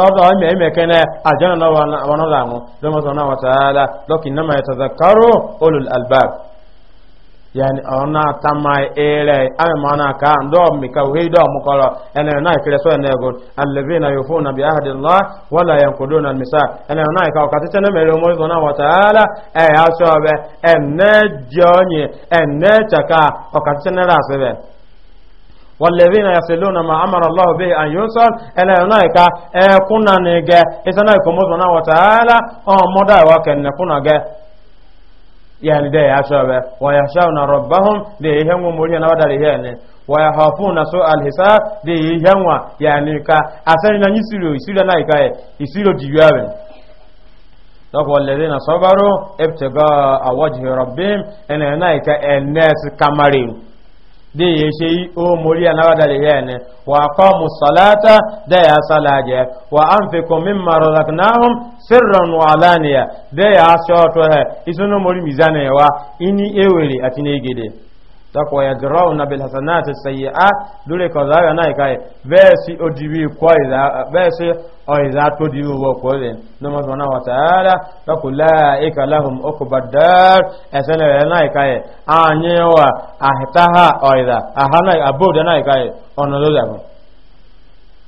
odo me me kene a na wana wana zangu zama sana wa taala dokin nama yatazakkaru ulul albab yani ona tamai ere ame mana ka ndo mika wido mukolo ene na ikire so ene go allazina yufuna bi ahdi allah wala yanquduna al misa ene na ka wakati tena mele mo zona wa taala e asobe ene jonye ene chaka wakati tena rasebe والذين يصلون ما امر الله به ان يوصل الى هناك كنا نجا اذا نكون مزنا وتعالى او مدى وكن كنا yani da ya shabe wa yashawna rabbahum da yahanwa muriya na wadare yani wa yahafuna su alhisab da yahanwa yani ka asani na yisiro isiro na ikaye isiro diyawe dɔkɔ na sɔbaro ebitɛgɔ awɔjihi rɔbim ɛnɛ n'a yi ka ɛnɛsi kamarin de ye se o mori anawa da yene wa aqamu salata da ya salaje wa anfiqu mimma razaqnahum sirran wa alaniya de ya shoto he isunu mori mizane wa ini ewere atine gede dako yadrauna bil hasanati sayyi'at lure ko zaga nai kai vesi odiwi kwa iza vesi o iza to diwi wo ko le no ma sona wa taala dako la ika lahum ukbadar asana nai kai anyewa ahtaha o iza ahana aboda nai kai ono lo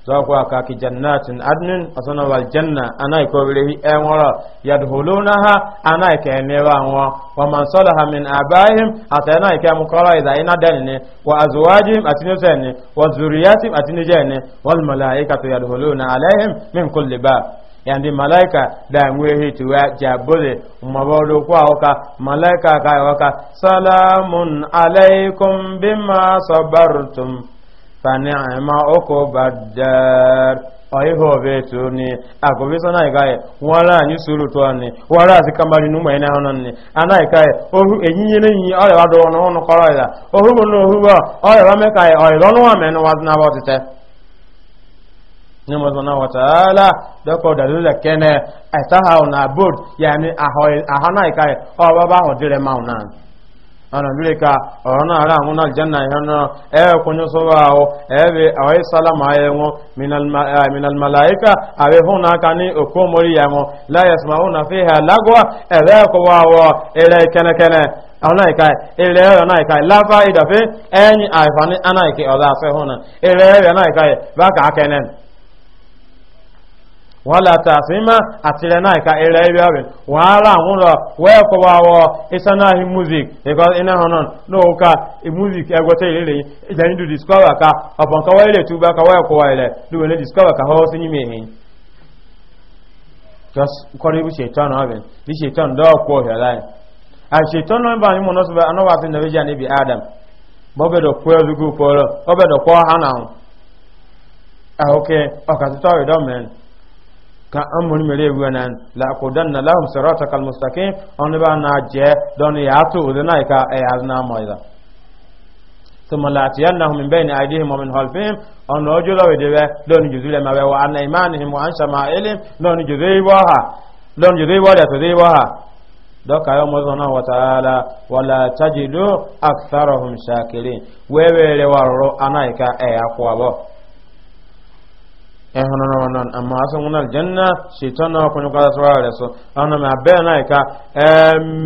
zakuwa kaki jannatin adnin a sanawar janna ana yi kowire yan wara ya dhulu na ha ana yi kaime wa nwa wa man salaha min abayim a ta yana yi kai mu kawai da ina dani ne wa azwajim a tinu sai ne wa zuriyatim a tinu jai ne wal mala'ikatu ya alaihim min kulli ba yandi malaika da nwe hituwa jabule mabawdo kwa waka malaika kai waka salamun alaikum bima sabartum فنعم عقب الدار ọ̀híhọ̀ ọ̀bẹ̀ tó ní àkọ̀bí sọ́nà ìka ẹ̀ wọ́n rà ní sùúrù tó ní wọ́n rà sí kambari nùmọ̀ iná ọ̀nà ní aná ìka ẹ̀ ohun ohun ní ohun ọ̀rẹ̀wà mẹ́ka ẹ̀ ọ̀rẹ̀lọ́nùwà mẹ́nu na sí náà títẹ́ na ana bile ka ona ara ngun aljanna yana e kunyo so bawo ebe awai salama yengo minal eh, minal malaika awe huna kani okomori yango la yasmauna fiha lagwa ebe ko wawo ele kene kene ana ika ele ana ika la faida fe enyi afani oda se huna ele ana ika ba ka wala tafima atire na ka ere ibe obi wala nwuro we ko bawo isana hi music because ina honon no ka e music e gote ile ile ndu discover ka ka wale tu ba ka we ko wale we discover ka ho sinyi just kori bu shaitan obi di do ko he lai a no ba ni mo no so ba no na ka an mun mere wi nan la aqudanna lahum siratakal mustaqim on ba na je don ya to udana ka e azna moida ثم لاتينهم من بين أيديهم ومن خلفهم أن رجل ودبه لون جزيل ما وعن إيمانهم وعن شمائلهم لون جزيل وها لون جزيل ولا تزيل وها دوكا يوم الله وتعالى ولا تجد أكثرهم شاكرين ويوي لورو أنايكا أي أقوى ehonono wanon amma asan wunar janna shaitan na kunyu kada su wara su ana ma be na ika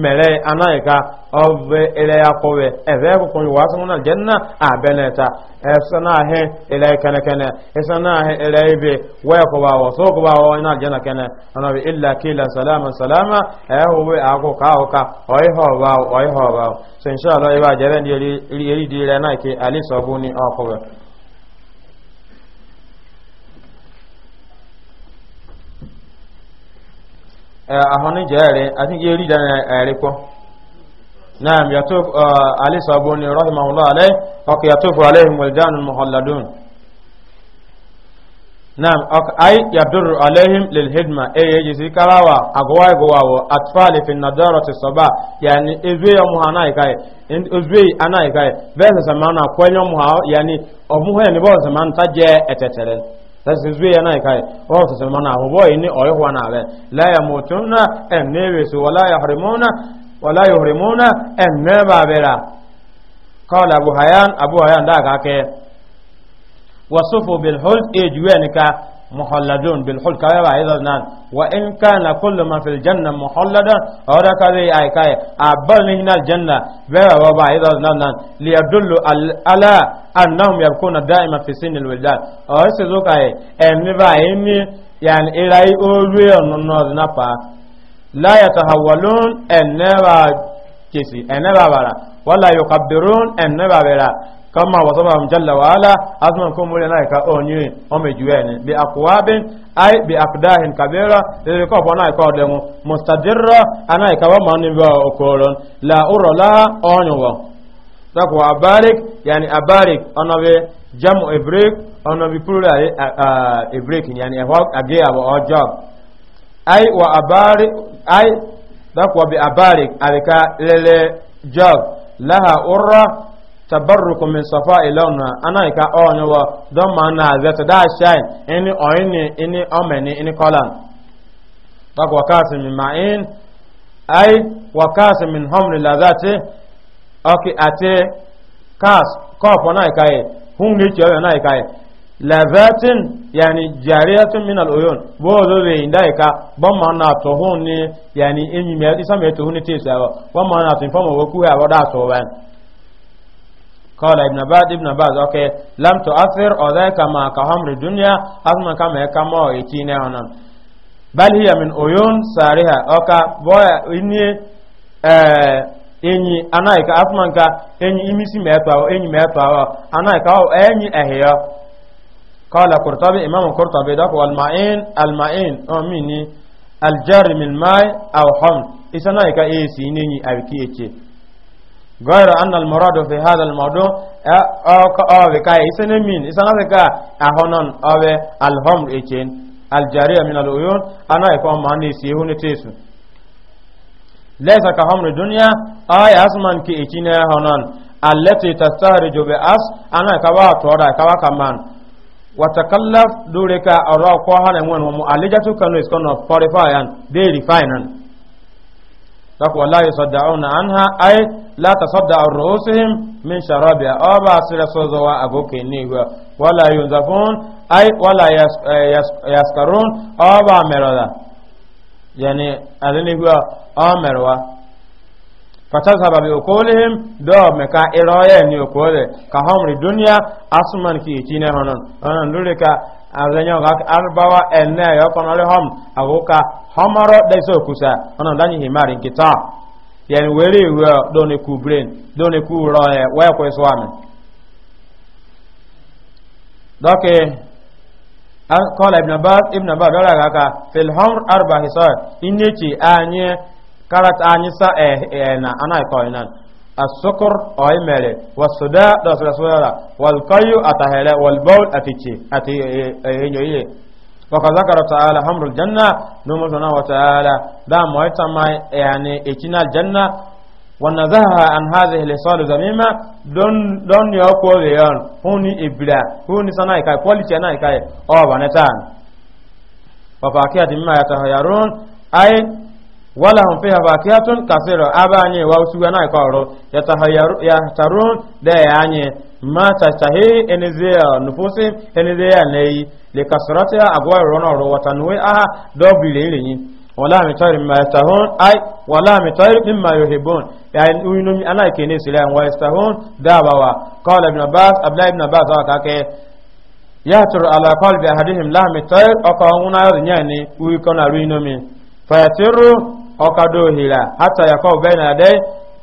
mere ana ika obe ile ya kowe ebe ku kunyu wasan wunar janna a beneta esana he ile kana kana esana he ile ibe waya ko ba waso ko ba wa ina janna kana ana bi illa kila salama salama eh we ako ka o ka oi ho ba oi ho ba so inshallah iba jere ndi ri ri di re na ke ali sabuni akowe ahoni jere ati ye ri dan ere ko naam yatuf ali sabuni rahimahullah alayh ok yatuf alayhim wildan muhalladun naam ok ay yadur alayhim lil hidma e yeji sikarawa agwa agwa wo atfali fi nadarati saba yani ezwe ya muhana ikai ezwe ana ikai vesa zamana kwenyo muha yani omuhe ni bo zamana taje etetelen sasị zuwe ya naị kaị ọ sasị ma na ahụbọ ini ọ ịhụ na abịa la ya mutun na en nebe su wala ya harimuna wala ya harimuna en nebe abịara kọla abu hayan abu hayan da aka ke wasufu bil hulz ejuwe ni ka muhalladun bil hulk kaya ba idan nan wa in kana kullu man fil janna muhallada awda ka be ay kay abal ni hinal janna be wa ba idan nan nan li yadullu ala annahum yakuna daima fi sinil wildan o se zo kay en ba en yani irai olwe onno na pa la yatahawwalun en ne ba kesi en bara wala yukabbirun en ne bara kama wasaba jalla wa ala azman ko mure nay ka onyi o me juweni bi aqwabin ay bi aqdahin kabira e ko fo nay ko demu mustadirra anay ka wa manin ba okolon la ura laha onyo wa takwa abarik yani abarik onabe jamu ibrik onabe plural eh, eh, eh, ibrik yani ehwa age abo ojob ay wa abarik ay takwa bi abarik alika lele job laha urra tabarruku min safa ilauna ana ka onyo oh, wa don ma na zata da shine ini oyini ini omeni ini kolan tak wakasi min ma'in ay wakasi min hamri lazati oki ate kas kopo na kai eh, hungi chiyo na kai eh. lazatin yani jariyatun min al-uyun bo do le indai ka bon ma na to hun ni yani enyi me isa me to hun ti sa bon ma na tin famo wo ku ha wa da so wan قال ابن بعد ابن بعد اوكي لم تؤثر او ذاك ما كهمر الدنيا أظن كما كما يتينا هنا بل هي من عيون سارها اوكا بويا اني اه enyi anaghịka afụmanka enyi imisi metụawa enyi metụawa anaghịka ọ enyi ehịa قال قرطبي إمام قرطبي دك والمعين المعين أميني الجار من ماء أو حمض إسنا إيسي نيني أبكي إيشي غير أن المراد في هذا الموضوع أو بكا إسنا مين إسنا بكا أهونن أو الهم إيشين الجارية من العيون أنا يكون ماني سيهون تيسو ليس كهم الدنيا أي أسمان كي إيشين أهونن التي تستهرج بأس أنا كوا تورا كوا كمان وتكلف دورك أراك وهنا من هم ألجتو كانوا يسكنوا فوريفايان دي ريفاينان dako la yusaddauna anha ay la tasadda ru'usihim min sharabiha aw ba sira sozo wa agoke ni wa wala yunzafun ay wala eh, yaskarun aw ba merada yani adani wa aw merwa fatazhaba bi uqulihim do me ka iroye ni uqule ka hamri dunya asman ki tine honon onon lurika azanyo ga arbawa enne yo konole hom agoka homaro deso kusa ono danyi himari nkita yani were iwe done ku brain done ku ro e ko so doke قال ابن عباس ابن عباس ولا غاكا في الحمر اربع حصار انيتي اني اني السكر أي مالي والصداع دس رسول والقيو أتهلا والبول أتيتي أتي إيه إيه إيه وقد ذكر تعالى حمر الجنة نمر سبحانه وتعالى دا مويتما يعني إتنا الجنة ونزهها عن هذه الخصال الذميمة دون دون يوكو ليون هوني إبلا هوني سناي كاي كواليتي ناي كاي أو بنتان وفاكهة مما يتهيرون أي wala hum fiha fakiyatun kasira abanye wa usuga na ikoro yataharun da yanye ma tastahi enizia nufusi enizia nei le ya agwa rona ro watanwe aha dobile ile wala mitari mimma yastahun ay wala mitari mimma yuhibun yani uyinu ana ikene sila wa yastahun dawawa qala ibn abbas abdullah ibn abbas aka ke yahtur ala qalbi ahadihim lahmi tayr aka huna yani uyikona ruinomi fayatiru ọkado hira hata yakọ bẹna adẹ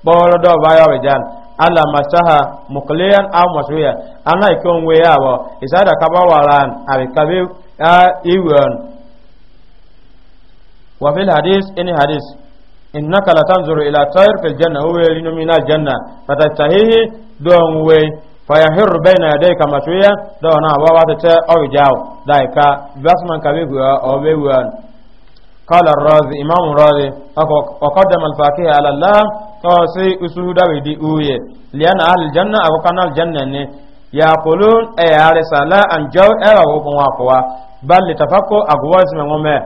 kpọrọ dọ ba yọ bijan ala masaha mukliyan aw ana ike onwe ya bọ isada kaba waran abi kabi a iwon wa fil hadis ini hadis kala tanzuru ila tayr fil janna huwa yalinu min al janna fatatahihi fa we fayahirru bayna yadayka masuya dona wa wa ta aw jaw daika basman kabi wa obewan قال الرازي إمام الرازي وقدم الفاكهة على الله فسي أسود ودئوية لأن أهل الجنة أو كان الجنة يقولون أي عرسة لا أنجو أي وقوا قوا بل لتفكوا أقواز من ومه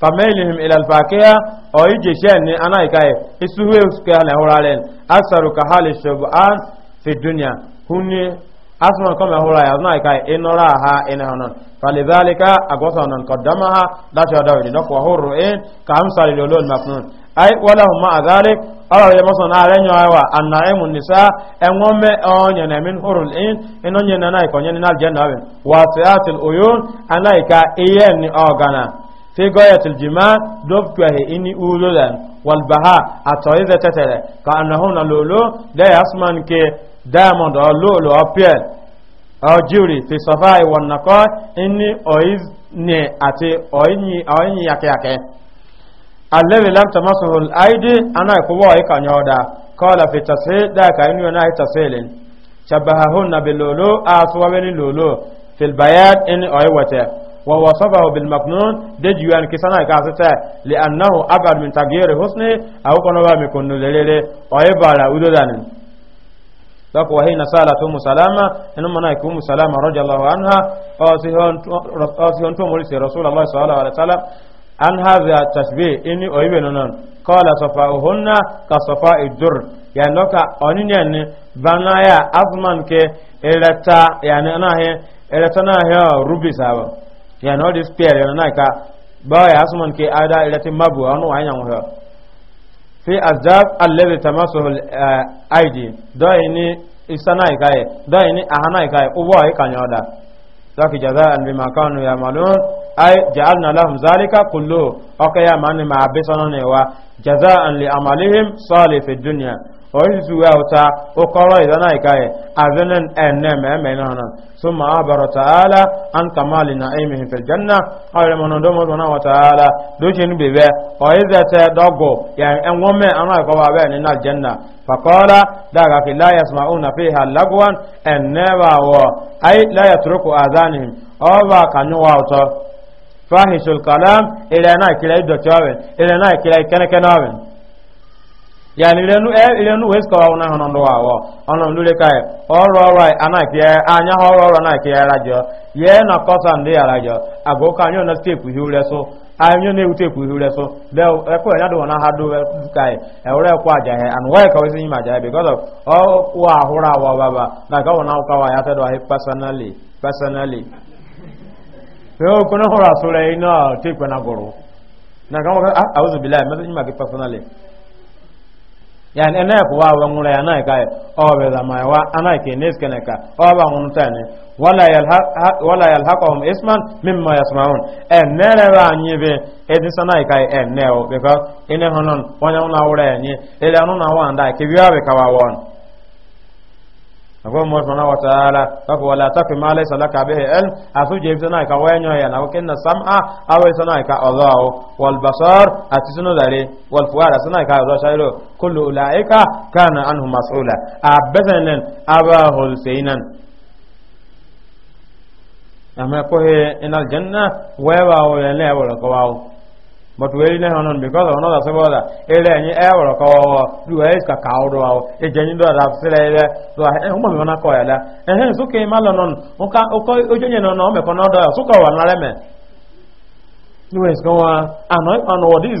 فميلهم إلى الفاكهة أو يجيشين أنا إكاي أسود أسكال أورالين أكثر كحال الشبعان في الدنيا هني asma kama hura ya zna kai inora ha ina hanan falidhalika agwasa nan qaddamaha la ta dawidi nok wa hurru in ka amsal lulul mafnun ai wala huma adhalik ala ya masana arenyo wa annaimun nisa enwome onya na min hurul in inonye na nai konye na aljanna wa wasiatil uyun anaika iyeni ogana fi goyatil jima dobtwa he ini ululan wal baha atoyiza tetere ka annahuna lulu da yasman ke diamond or lolo or pearl or jewelry ini oiz ìwọ̀n ati ní ọ̀yìn yake yake yàkẹ́yàkẹ́ alẹ́bi lamtamasohol aidi ana ìkúwọ́ ìkànnì ọ̀dà kọ́ọ̀lá fi tàṣe dáàkà inú ẹ̀nà ìtàṣe lè ṣàbàhàhùn nàbí lòló àṣùwáwẹ́ ní lòló filbayad ní ọ̀yìnwẹ̀tẹ̀ kisana صفه بالمكنون دي جوان كسانا كاسيتا لأنه أبعد من تغيير حسني أو كنوا بمكنون لليلي أو يبالا ودودانين dako wa hina sala tu musalama enu mana ku musalama radiyallahu anha asihon to mori se rasulullah sallallahu alaihi wasallam an hadha tashbih ini oibe nonon qala safahunna ka safa'i dur ya noka oninen ni banaya afman ke elata yani anahe elata na he rubi sawa ya no despair ya na ka ba ya ke ada elati mabu anu anyan ho fi azab alẹ́bẹ̀ tamaso aidi dọ́yìn ní isana ikaye dọ́yìn ní ahana ikaye ugbọ́ ikanya ọ̀dà zaki jaza albima kanu ya malun ai ja'alna lahum zalika kullu okay ya mani ma abisana ne wa jaza'an li amalihim salih fi dunya oisuwe ụta ụkọrọ idana ikaye azinin enem emene hana summa abara ta'ala an kamali na imihin fil janna ayre mono do mo na ta'ala do chin bebe oizete dogo ya enwome ana ko ba be ni na janna faqala daga fi la yasma'una fiha lagwan annaba wa ay la yatruku azanihim oba kanyuwa uta fahishul kalam ila na kila idochawen ila na kila kenekenowen ya ilenu eh, ilenu hono ndo wawo ono ndule kai oro oro anya oro oro na rajo ye na kosa ndi rajo ago ka na step hiure so anyo eh, na ute ku hiure so de na do wona ọrụ eh, do kai e ore kwa aja he an ka wes ni because of o oh, wa hura wa baba ya ta do he personally personally yo kuna hura sura ina na goro na wa ah, ma yani ene ko wa wa ngula yana ka o be da mai wa ana ke nes kene ka o ba ngun ta ne wala yalhaq wala yalhaqhum isman mimma yasmaun en ne le ba nyi be e di sana ka en ne o because ene honon wanya una wura nyi ele anu na wa nda ke biya be ka wa won akwai mu sana wa kafa wala tafi ma laysa laka bihi ilm asu je sana ka wayanyo ya na kin na sam'a aw sana ka adhao wal basar atisunu dare wal fuara sana ka adhao shairo kullu ulaika kana anhu mas'ula abasanan aba hulsainan amma ko he inal janna wa wa wa la wa but wey because of another da ele enyi e ko wo du e ka ka woro wo e jenyi do da sele ele so e o mo na ko ya da ke ma lo non o ka o ko o jenye no no me ko no do so ko wa na le me no is go an what is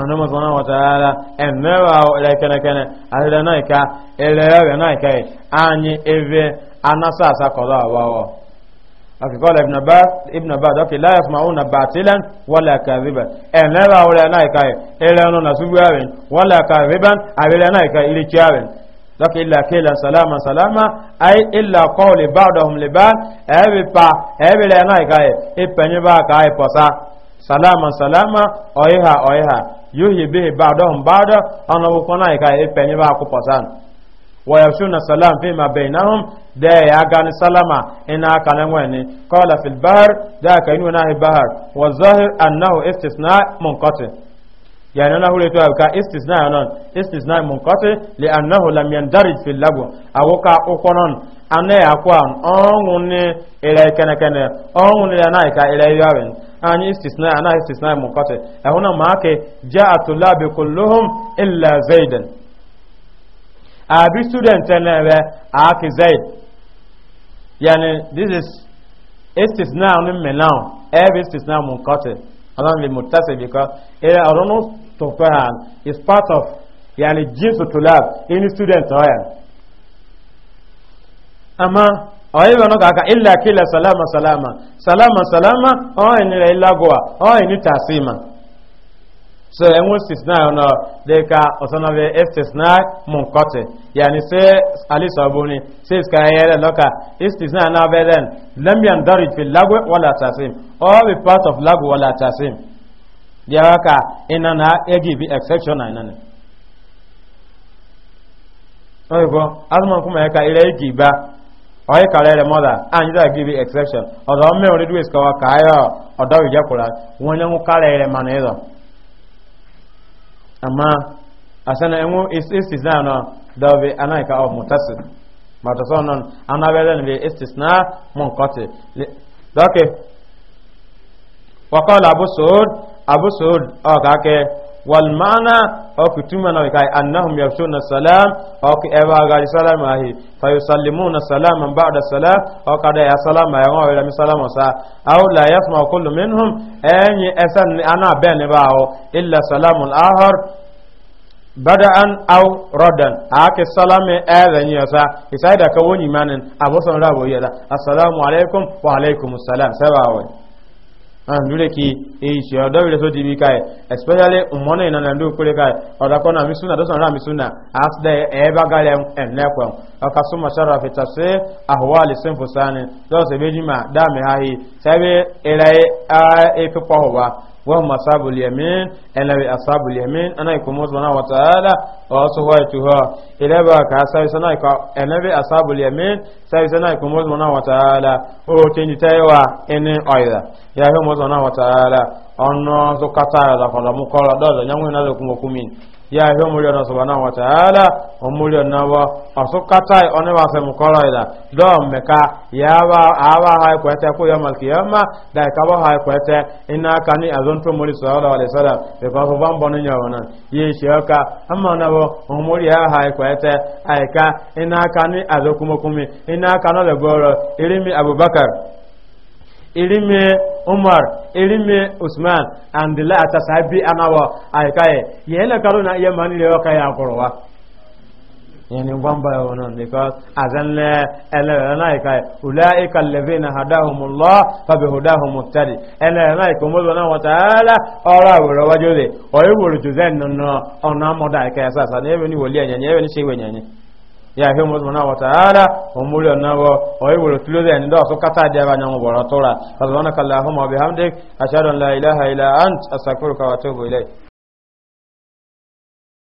ọ̀nà mọ̀sánà wàtàrà ẹ̀mẹ́wà ẹlẹ́kẹ́nẹ́kẹ́nẹ́ àrẹ́lẹ́náìká ẹlẹ́rẹ́náìká anyị ebe anásàásá kọ̀lọ́ àwọ́wọ́ akikọ́lá ibnabá dọ́kì láyàtí ma wọ́n na bàtílẹ̀ wọ́lá kàríbẹ̀ ẹ̀mẹ́wà ẹlẹ́náìká ẹlẹ́rẹ́nà na ṣubúrẹ́rin wọ́lá kàríbẹ̀ àrẹ́lẹ́náìká ilẹ̀ dɔk illa kila salama salama ay illa qawli ba'dahum li ba'd ɛbi pa ɛbi lɛ na ikaye ipɛnyi ba ka ay pɔsa salama salama oiha oiha yuhi bihi ba'dahum ba'da ana bukona ika ipenye ba ku pasan wa yafshuna salam fi ma bainahum da ya gani salama ina kanan wani qala fil bahr da ka inu na bahr wa zahir annahu istisna munqati yani na hule to ka istisna non istisna munqati li annahu lam yandarij fil lagu awoka okonon ane akwa onwune ire kenekene onwune na ika ire yawen أني استثناء أنا استثناء منقطع هنا معك جاء الطلاب كلهم إلا زيدا أبي student أنا أك زيد يعني this is استثناء من ملان أبي استثناء منقطع أنا لمتصل because إلى أرنو تفهم is part of يعني جنس الطلاب any student أنا أما ọ̀yẹ́ wọn kàkà ilẹ̀ akílẹ̀ salama salama salama salama ọ̀hìn nílẹ̀ ìlàgọ́wà ọ̀hìn ní tàṣíma so ẹ̀wọ̀n stisna ọ̀nà dẹ́ka ọ̀sánàfẹ́ stisna mọ̀nkọ́tẹ̀ yàní sẹ́ alẹ́sọ̀bọ̀ni sẹ́ ìsìkà ẹ̀yẹ́rẹ́ lọ́ka stisna anáfẹ́dẹ́n lẹ́mìàn dọ́rì fi lágọ́ wọlá tàṣím all be part of lágọ́ wọlá tàṣím yàrá ka ìnana ẹ̀gì bí exceptional ìnana oyi karere mother and ah, you give you exception ọ̀dọ̀ ọmọ ẹ̀rọ dídú ìsìkọwọ́ káyọ̀ ọ̀dọ̀ ìjẹ́kùrà wọn lẹ́wọ́n karere mọ̀ nìyẹn amma asana ẹ̀wọ́n istisna náà dọ̀bi anáìka ọ̀ oh, mutasi màtọ́sọ́ náà anábẹ́rẹ́ níbi istisna mọ̀ nkọ́tì dọ́kì wọ́kọ́ abu sòd abu sòd ọ̀ oh, kàkẹ́ والمعنى او كتما نوكاي انهم يفشون السلام او كيبا غاري سلام هي فيسلمون سلاما بعد السلام او كدا يا سلام يا ما ولا سلام وسا او لا يسمع كل منهم اني اسن انا بين باو الا سلام الاخر bada'an aw raddan ake salame ɛɛbɛn yi yasa isai da ka woni manin abosan rabo yada assalamu alaikum wa alaikumus salam sabawa Ah, ndure ki e shi odo ah, wile so dibi kai especially umone ina ndu kule kai oda kona misuna dosan ra misuna as de e bagale en lekwa aka suma shara fi tafsir ahwali sinfusani do se bejima da me hahi sabe elaye a ah, e pepo وهم أصحاب اليمين أنا بأصحاب اليمين أنا يكون سبحانه وتعالى وأصحابها إلى بك أصحاب سنة أنا بأصحاب اليمين سبحانه سنة يكون سبحانه وتعالى أو تنتهي إن أيضا يا هم سبحانه وتعالى أنه سكتار ذا فلا مقال ذا نعمنا ذا كم كمين ya ihe omuri ọ̀nà subhanahu wa ta'ala omuri ọ̀nà wọ ọ̀sùkátà ọ̀nẹ́wàfẹ́ mùkọ́rọ̀ ìdá Dọọ mẹ́ka ya àwa ha ikwẹ́tẹ́ kó ya malki ya ma da ìkàbọ̀ ha ikwẹ́tẹ́ iná aka ní àzọ́ntó mori sọ̀rọ̀ wà lẹ́sọ̀rọ̀ ìkọ̀fọ̀ bá ń bọ̀ nínú ọ̀nà ọka ya ha ikwẹ́tẹ́ aka aka irimi abubakar irime umar irime usman and the latter sabi anawa aikaye yele karuna iya mani lewa kai akorwa yani gwamba ya wannan because azanle le ele na kai ulaika allazina hadahumullah fa bihudahum muhtadi ele na ko mo na wa taala ora woro wajode oyeworo juzen no no ona moda kai sasa ne ni woli anya ne ni shewe anya ya ihe mu na wata ala umuri na wo o ndo so kata de ba nyango bora tora subhanakallahumma wa bihamdik ashhadu an la ilaha illa ant astaghfiruka wa atubu ilaik